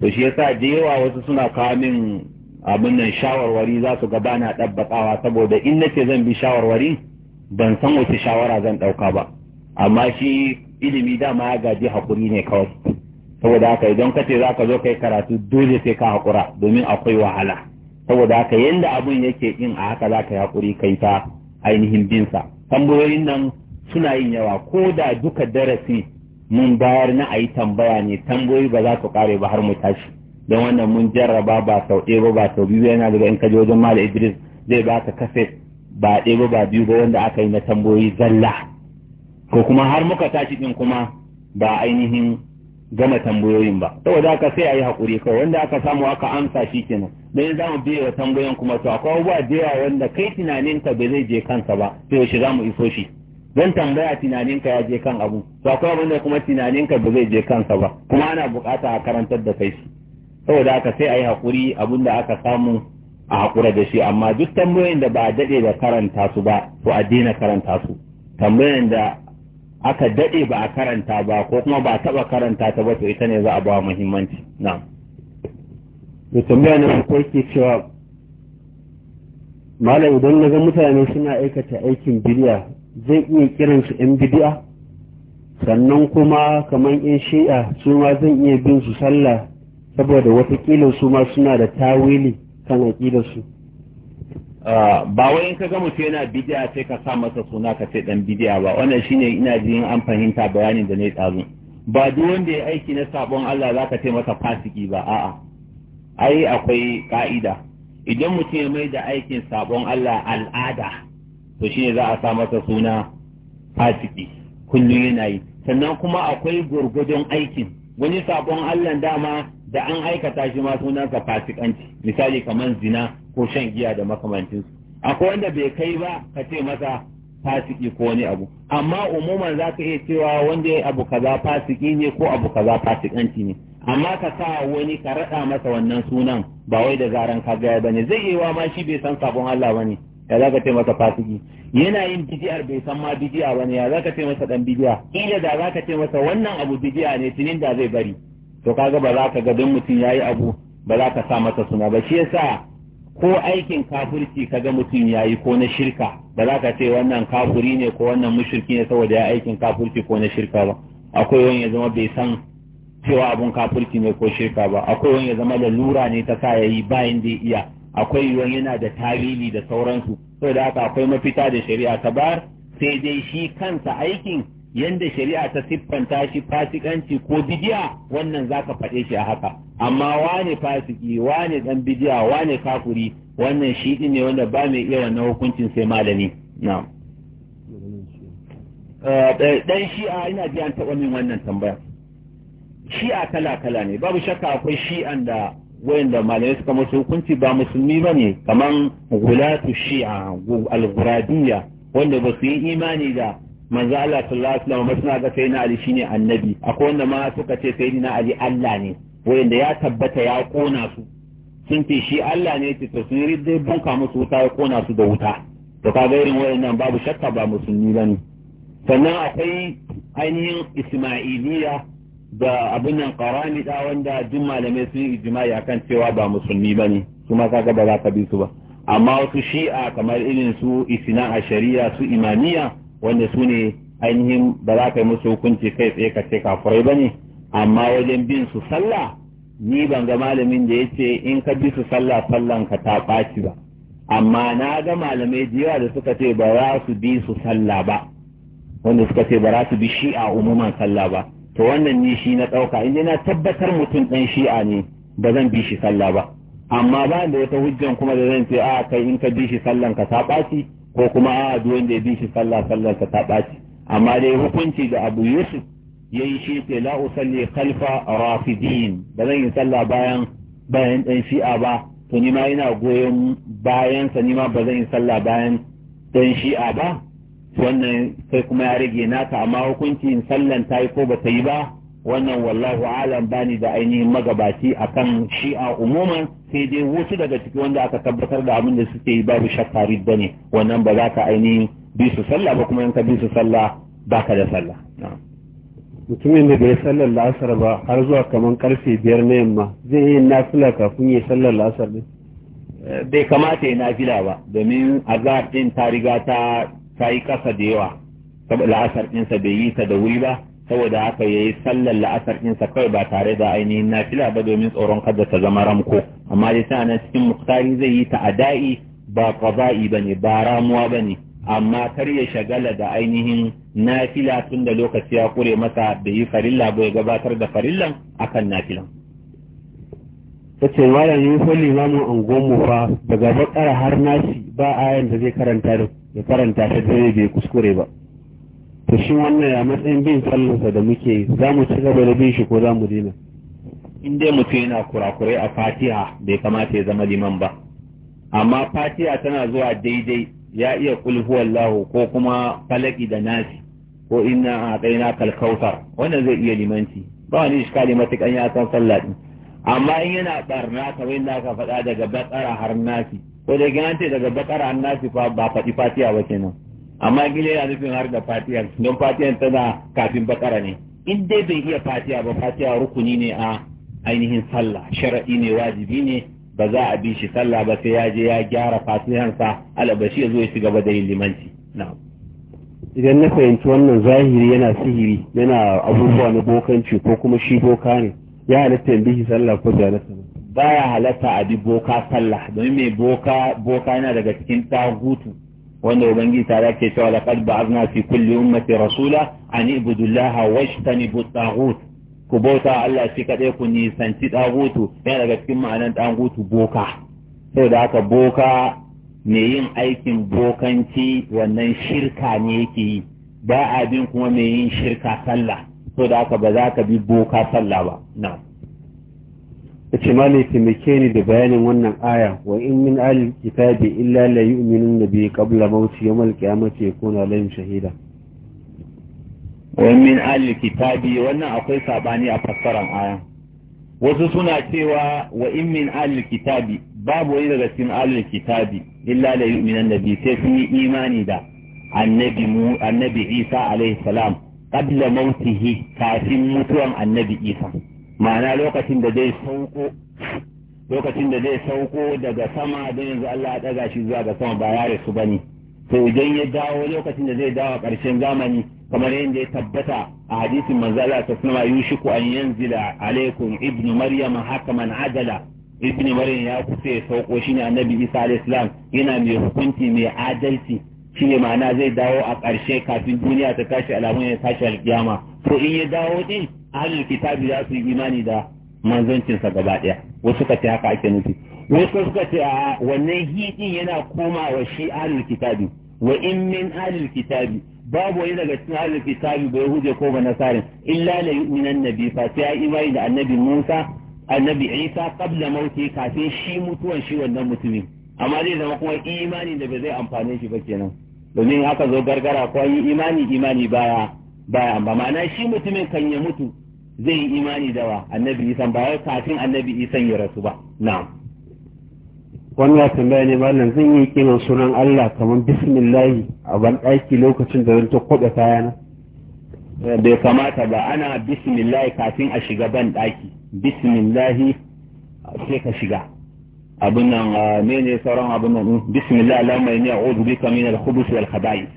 Speaker 2: to shi yasa da yawa wasu suna kawo min abin nan shawarwari za su gaba na ɗabbaƙawa saboda in nace zan bi shawarwari ban san wace shawara zan ɗauka ba amma shi ilimi dama ya gaji hakuri ne kawai saboda haka idan ka ce za ka zo kai karatu dole sai ka hakura domin akwai wahala saboda haka yadda abun yake in a haka za ka yi hakuri kai ta ainihin binsa tambayoyin nan suna yin yawa ko da duka darasi mun bayar na a yi tambaya ne tambayoyi ba za su kare ba har mu tashi don wannan mun jarraba ba sau ɗaya ba ba sau biyu yana daga in ka je wajen mala idris zai baka kafe ba ɗaya ba biyu ba wanda aka yi na tambayoyi zalla ko kuma har muka tashi din kuma ba ainihin gama tambayoyin ba saboda haka sai a yi haƙuri kawai wanda aka samu aka amsa shi kenan dan za mu biye wa tambayoyin kuma to akwai abubuwa da yawa wanda kai tunaninka bai zai je kansa ba to yaushe za mu iso shi don tambaya tunaninka ya je kan abu to akwai abin da kuma tunaninka ba zai je kansa ba kuma ana bukata a karantar da kai saboda haka sai ayi yi haƙuri abin da aka samu a haƙura da shi amma duk tambayoyin da ba a daɗe da karanta su ba to a daina karanta su tambayoyin da aka daɗe ba a karanta ba ko kuma ba a taba karanta ta ba to ita ne za a ba muhimmanci na
Speaker 1: to tambaya na ko yake cewa
Speaker 2: malam idan na ga mutane suna aikata aikin bidiya zai iya kiran su yan bidiya sannan kuma kamar yan shi'a su ma zan iya bin su sallah saboda watakila su ma suna da tawili kan aƙidarsu su Ah, ba wai in ka ga mutum yana bidiya sai ka sa masa suna ka ce dan bidiya ba wannan shine ina jin an fahimta bayanin da nayi tsazo ba duk wanda ya aiki na sabon Allah zaka ce masa fasiki ba a'a ai akwai ka'ida idan mutum ya mai da aikin sabon Allah al'ada to shine za a sa masa suna fasiki kullum yana yi sannan kuma akwai gurgudun aikin wani sabon Allah dama da an aikata shi ma sunansa fasikanci misali kamar zina ko shan giya da makamancinsu akwai wanda bai kai ba ka ce masa fasiki ko wani abu amma umuman za ka iya cewa wanda ya abu kaza fasiki ne ko abu kaza fasikanci ne amma ka sa wani ka raɗa masa wannan sunan ba wai da zaran ka gaya bane zai iya ma shi bai san sabon Allah bane ya za ka ce masa fasiki yana yin bidiyar bai san ma bidiya ne. ya za ka ce masa dan bidiya kila da za ka ce masa wannan abu bijiya ne tunin da zai bari to kaga ba za ka ga don mutum yi abu ba za ka sa masa suna ba shi yasa ko aikin kafirci kaga mutum ya yi ko na shirka ba za ka ce wannan kafuri ne ko wannan mushriki ne saboda ya aikin kafirci ko na shirka ba akwai wani ya zama bai san cewa abun kafirci ne ko shirka ba akwai wani ya zama da lura ne ta sa yayi bayan da iya akwai yiwuwan yana da tarihi da sauransu saboda haka akwai mafita da shari'a ta bar sai dai shi kansa aikin yanda shari'a ta siffanta shi fasikanci ko bidiya wannan zaka faɗe shi a haka amma wane fasiki wane dan bidiya wane kafuri wannan shi ne wanda ba mai iya wannan hukuncin sai malami na'am dan eh, shi'a ina ji an taɓa min wannan tambaya shi'a kala kala ne babu shakka akwai shi'an da wayanda malamai suka musu hukunci ba musulmi bane kaman gulatu shi'a al-ghuradiyya wanda ba su yi imani da manzo Allah sallallahu alaihi wasallam suna ga sayyidina Ali shine annabi akwai wanda ma suka ce sayyidina Ali Allah ne wanda ya tabbata ya kona su sun ce shi Allah ne ce to sun ridde bunka musu wuta ya kona su da wuta to kaga irin wayannan babu shakka ba musulmi bane sannan akwai ainihin Isma'iliya da abin nan qarani da wanda duk malamai sun yi ijma'i akan cewa ba musulmi bane kuma kaga ba za ka bi su ba amma wasu shi'a kamar irin su isna a shari'a su imaniya. wanda su ne ainihin ba za ka yi musu hukunci kai tsaye ka ce kafurai ba ne amma wajen bin su sallah ni ban ga malamin da ya ce in ka bi su sallah sallan ka ta ɓaci ba amma na ga malamai da yawa da suka ce ba za su bi su sallah ba wanda suka ce ba za su bi shi'a umuman sallah ba to wannan ni shi na ɗauka in na tabbatar mutum ɗan shi'a ne ba zan bi shi sallah ba amma ba da wata hujjan kuma da zan ce a ah, kai in ka bi shi sallan ka ta ɓaci ko kuma a duk wanda ya bi shi sallah sallar ta ta ɓaci amma dai hukunci da abu yusuf ya yi shi ce la usalli khalfa rafidin ba zan yi sallah bayan bayan ɗan shi'a ba to ni ma ina goyon bayansa ni ma ba zan yi sallah bayan ɗan shi'a ba wannan sai kuma ya rage naka amma hukuncin sallan ta yi ko ba ta yi ba wannan wallahu alam bani da ainihin magabaci akan shi'a umuman sai dai wasu daga ciki wanda aka tabbatar da abin da suke yi babu shakka ridda ne wannan ba za ka ainihin bi su sallah ba kuma in ka bi su sallah ba ka da sallah mutumin da bai sallar la'asar ba har zuwa kamar karfe biyar na yamma zai yi nafila kafin ya sallar la'asar ne eh, bai kamata ya nafila ba domin a din ta riga ta yi kasa da yawa la'asar ɗinsa bai yi ta da wuri ba saboda haka ya yi sallar la'asar ɗinsa kawai ba tare da ainihin nafila ba domin tsoron kada ta zama ramko amma dai sai nan cikin muktari zai yi ta ta'adai ba qaza'i bane ba ramuwa bane amma kar ya shagala da ainihin nafila tun da lokaci ya kure masa da yi farilla ba ya gabatar da farillan akan nafilan yace malam yi fa limamin unguwanmu fa daga bakara har nashi ba ayan da zai karanta da ya karanta ta zai bai kuskure ba to shi wannan ya matsayin bin sallarsa da muke yi za mu ci gaba da bin shi ko za mu dina in dai mutum yana kurakurai a fatiha bai kamata ya zama liman ba amma fatiha tana zuwa daidai ya iya kulhu wallahu ko kuma falaki da nasi ko inna a kaina kalkautar wannan zai iya limanci ba wani iskali matukan ya san sallah din amma in yana barna kamar yadda aka faɗa daga bakara har nasi ko da ganante daga bakara har nasi fa ba faɗi fatiha ba kenan amma gile yana nufin har da fatiyar don fatiyar tana kafin bakara ne in dai bai iya fatiya ba fatiya rukuni ne a ainihin sallah shar'i ne wajibi ne ba za a bi shi sallah ba sai ya je ya gyara fatiyansa alabashi ya zo ya ci gaba da yin limanci
Speaker 1: idan na fahimci wannan zahiri yana sihiri yana abubuwa na bokanci ko kuma shi boka ne ya halatta yin bihi
Speaker 2: sallah ko da halatta ba ya halatta a bi boka sallah domin mai boka boka yana daga cikin tagutu wanda ubangiji ta yake cewa laqad ba'athna fi kulli ummati rasula an ibudu llaha wajtanibu taghut ku bauta Allah shi kaɗai ku nisanci taghutu yana daga cikin ma'anan taghutu boka saboda haka boka mai yin aikin bokanci wannan shirka ne yake yi ba abin kuma mai yin shirka sallah saboda haka ba za ka bi boka sallah ba na'am yace malai taimake ni da bayanin wannan aya wa in min alil kitabi illa la yu'minun nabi qabla mawti yawmal qiyamati yakuna lahum shahida wa min alil kitabi wannan akwai sabani a fassaran aya wasu suna cewa wa in min alil kitabi babu wani daga cikin alil kitabi illa la yu'minun nabi sai sun yi imani da annabi mu annabi Isa alaihi salam qabla mawtihi kafin mutuwan annabi Isa ma'ana lokacin da zai sauko lokacin da zai sauko daga sama don yanzu Allah ya ɗaga shi zuwa ga sama ba ya rasu ba ne? to idan ya dawo lokacin da zai dawo karshen zamani kamar yadda ya tabbata a hadisin manzo Allah ta sunama yushiku an yanzila alaikum ibnu maryam hakaman adala ibnu maryam ya kusa ya sauko shine annabi Isa alayhi salam yana mai hukunci mai adalci shi ne ma'ana zai dawo a ƙarshe kafin duniya ta tashi alamun ya tashi alƙiyama to in ya dawo din ahlul kitabi za su yi imani da manzancinsa gaba ɗaya wasu ka ce haka ake nufi wasu suka ce a wannan hidin yana koma wa shi ahlul kitabi wa in min ahlul kitabi babu wani daga cikin ahlul kitabi bai huje ko ba nasarin illa la yu'minan nabi fa sai ya imani da annabi Musa annabi Isa qabla mauti kafin shi mutuwan shi wannan mutumin amma zai zama kuma imani da bai zai amfane shi ba kenan domin haka zo gargara ko yi imani imani baya baya ba ma'ana shi mutumin kan ya mutu zai yi imani da wa annabi isan ba wai kafin annabi isan ya rasu ba na'am wannan tambaya ne mallan zan yi kiran sunan Allah kamar bismillah a ban daki lokacin da zan ta kwabe kayana eh, bai kamata ba ana bismillah kafin a shiga ban daki bismillah sai ka shiga abin nan ah, ne sauran abin nan bismillah lamma ne a'udhu bika min al-khubuthi wal khaba'ith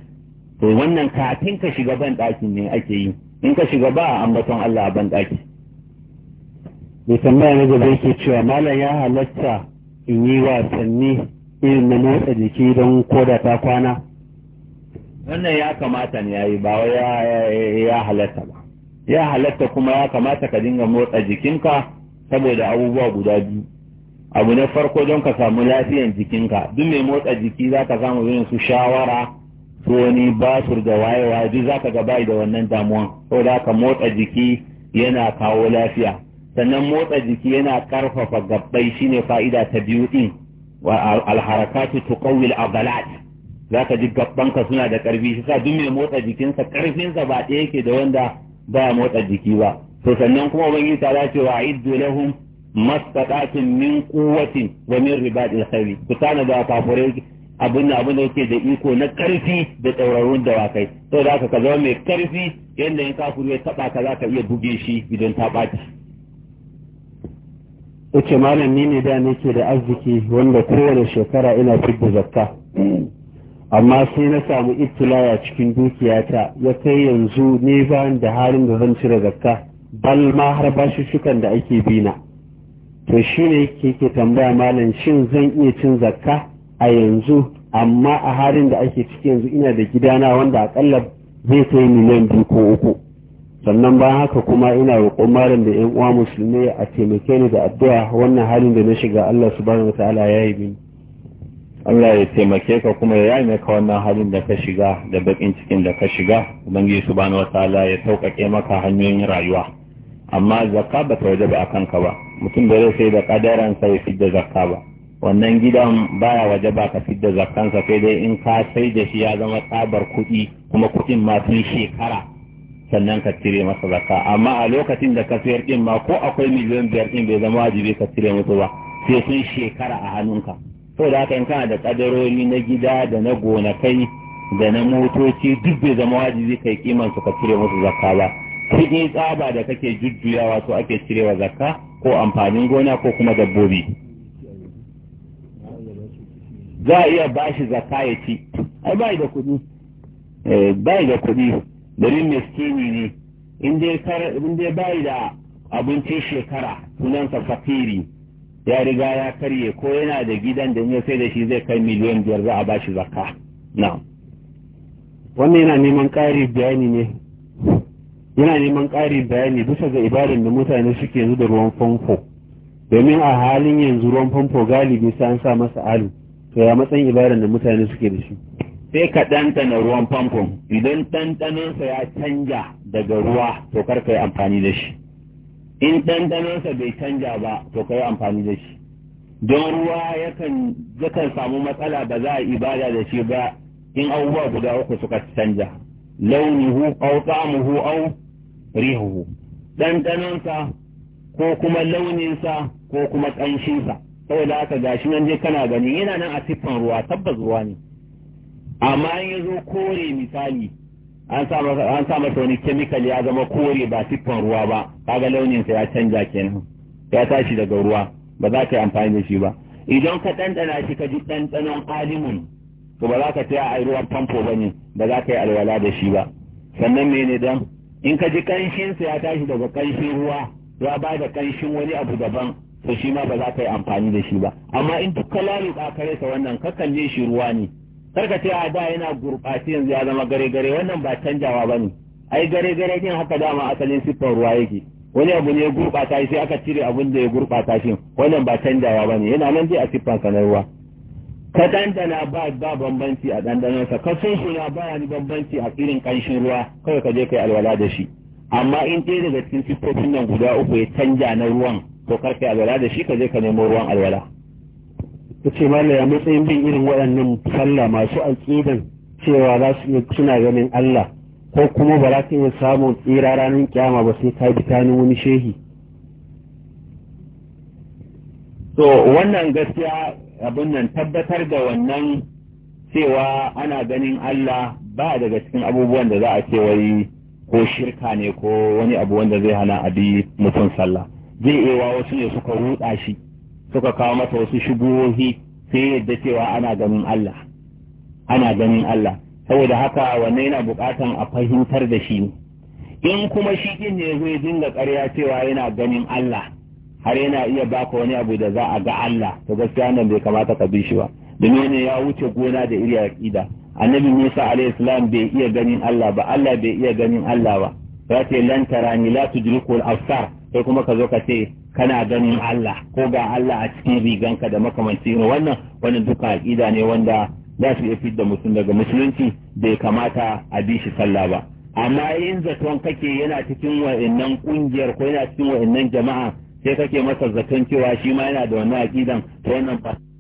Speaker 2: to wannan kafin ka shiga ban ɗakin ne ake yi in ka shiga ba ambaton Allah a ban ɗaki mai tambaya na gaba yake cewa malam ya halatta in yi wasanni irin na motsa jiki don koda ta kwana wannan ya kamata ne yayi ba wai ya halatta ba ya halatta kuma ya kamata ka dinga motsa jikinka saboda abubuwa guda biyu abu na farko don ka samu lafiyan jikinka duk mai motsa jiki za ka samu irin su shawara su wani basur da wayewa duk zaka ga bai da wannan damuwan saboda haka motsa jiki yana kawo lafiya sannan motsa jiki yana karfafa gabbai shine fa'ida ta biyu din wa alharakatu tuqawwi al zaka ji gabbanka suna da karfi shi sa duk mai motsa jikinsa karfinsa ba ɗaya yake da wanda ba motsa jiki ba to sannan kuma ubangiji ta dace wa aiddu lahum mastata'tum min quwwatin wa min ribatil khayr ku tana da kafurai abin da abin da yake da iko na karfi da tsaurarun dawakai to da ka zama mai karfi yadda in kafuru ya taba ka za ka iya buge shi idan ta ɓaci yace malam ni ne da nake da arziki wanda kowane shekara ina fidda zakka
Speaker 1: amma sai na samu ittilaya cikin dukiyata ya kai yanzu
Speaker 2: ne ba da halin da zan cire zakka bal ma har bashushukan da ake bina to shine yake tambaya malam shin zan iya cin zakka a yanzu amma a halin da ake ciki yanzu ina da gidana wanda akalla zai kai miliyan biyu
Speaker 1: ko uku sannan bayan haka kuma ina roƙon malam da 'yan uwa musulmi a taimake ni
Speaker 2: da addu'a wannan halin da na shiga Allah subhanahu wa ta'ala ya yi mini Allah ya taimake ka kuma ya yi maka wannan halin da ka shiga da bakin cikin da ka shiga ubangiji subhanahu wataala ya sauƙaƙe maka hanyoyin rayuwa amma zakka ba ta wajaba a ka ba mutum da zai sai da kadaran sai fi da zakka ba wannan gidan baya waje ba ka fidda zakansa sai dai in ka sai da shi ya zama tsabar kuɗi kuma kuɗin ma sun shekara sannan ka cire masa zakka amma a lokacin da ka sayar din ma ko akwai miliyan biyar din bai zama wajibi ka cire musu ba sai sun shekara a hannunka saboda haka in kana da kadarori na gida da na gonakai da na motoci duk bai zama wajibi kai kiman su ka cire musu zakka ba kuɗi tsaba da kake jujjuyawa so ake cirewa zakka ko amfanin
Speaker 1: gona ko kuma dabbobi
Speaker 2: za a iya ba shi zaka ya ci ai bai da kuɗi eh, bai da kuɗi garin miskini ne in dai bai da abincin shekara sunansa fakiri ya riga ya karye ko yana da gidan da ya sai da shi zai kai miliyan biyar za a ba shi zakka na wannan yana neman ƙari bayani ne
Speaker 1: yana neman ƙari bayani bisa ga ibadar da mutane suke yanzu da ruwan famfo
Speaker 2: domin a halin yanzu ruwan famfo galibi sai an sa masa alu to ya matsayin ibadan da mutane suke da shi sai ka ɗanɗana ruwan famfon idan ɗanɗanonsa ya canja daga ruwa to kar ka yi amfani da shi in ɗanɗanonsa bai canja ba to ka yi amfani da shi don ruwa yakan yakan samu matsala ba za a ibada da shi ba in abubuwa guda uku suka canja launihu au ta'amuhu au rihuhu ɗanɗanonsa ko kuma launinsa ko kuma ƙanshinsa da aka gashi nan je kana gani yana nan a siffan ruwa tabbas ruwa ne amma in ya zo kore misali an sa masa wani kemikal ya zama kore ba siffan ruwa ba kaga launinsa ya canja kenan ya tashi daga ruwa ba za ka yi amfani da shi ba idan ka ɗanɗana shi ka ji ɗanɗanon alimun to ba za ka taya a ruwan famfo ba ne ba za ka yi alwala da shi ba sannan mene don in ka ji ƙanshinsa ya tashi daga ƙanshin ruwa ya ba da ƙanshin wani abu daban to shi ma ba za ka yi amfani da shi ba amma in duk kalali ba ka rasa wannan ka kalle shi ruwa ne kar ka ce a da yana gurɓace yanzu ya zama gare gare wannan ba canjawa ba ne ai gare gare din haka dama asalin siffar ruwa yake wani abu ne ya gurɓata sai aka cire abin da ya gurɓata shi wannan ba canjawa ba ne yana nan dai a siffar sa na ruwa ka dandana ba ba bambanci a dandanonsa ka sun suna ba ni bambanci a irin ƙanshin ruwa kawai ka je ka yi alwala da shi amma in ɗaya daga cikin siffofin nan guda uku ya canja na ruwan to karka alwala da shi ka je ka nemo ruwan alwala ta ce mala ya matsayin bin irin waɗannan sallah masu alƙidan cewa za su suna ganin Allah ko kuma ba za ka iya samun tsira ranar kyama ba sai ka bi tanin wani shehi
Speaker 1: to wannan
Speaker 2: gaskiya abin nan tabbatar da wannan cewa ana ganin Allah ba daga cikin abubuwan da za a ce wai ko shirka ne ko wani abu wanda zai hana abi mutum sallah zai iya wasu ne suka ruɗa shi suka kawo masa wasu shubuhohi sai yadda cewa ana ganin Allah ana ganin Allah saboda haka wannan yana buƙatan a fahimtar da shi in kuma shi din ne zai dinga ƙarya cewa yana ganin Allah har yana iya baka wani abu da za a ga Allah to gaskiya nan bai kamata ka bi shi ba domin ya wuce gona da iri aqida annabi Musa alayhi salam bai iya ganin Allah ba Allah bai iya ganin Allah ba ya ce lan tarani la al absar sai kuma ka zo ka ce kana ganin Allah ko ga Allah a cikin riganka da makamanci irin wannan wani duka aƙida ne wanda za su iya fidda mutum daga musulunci bai kamata a bi shi sallah ba amma in zaton kake yana cikin wa'annan ƙungiyar ko yana cikin wa'annan jama'a sai kake masa zaton cewa shi ma yana da wannan aƙidan to wannan ba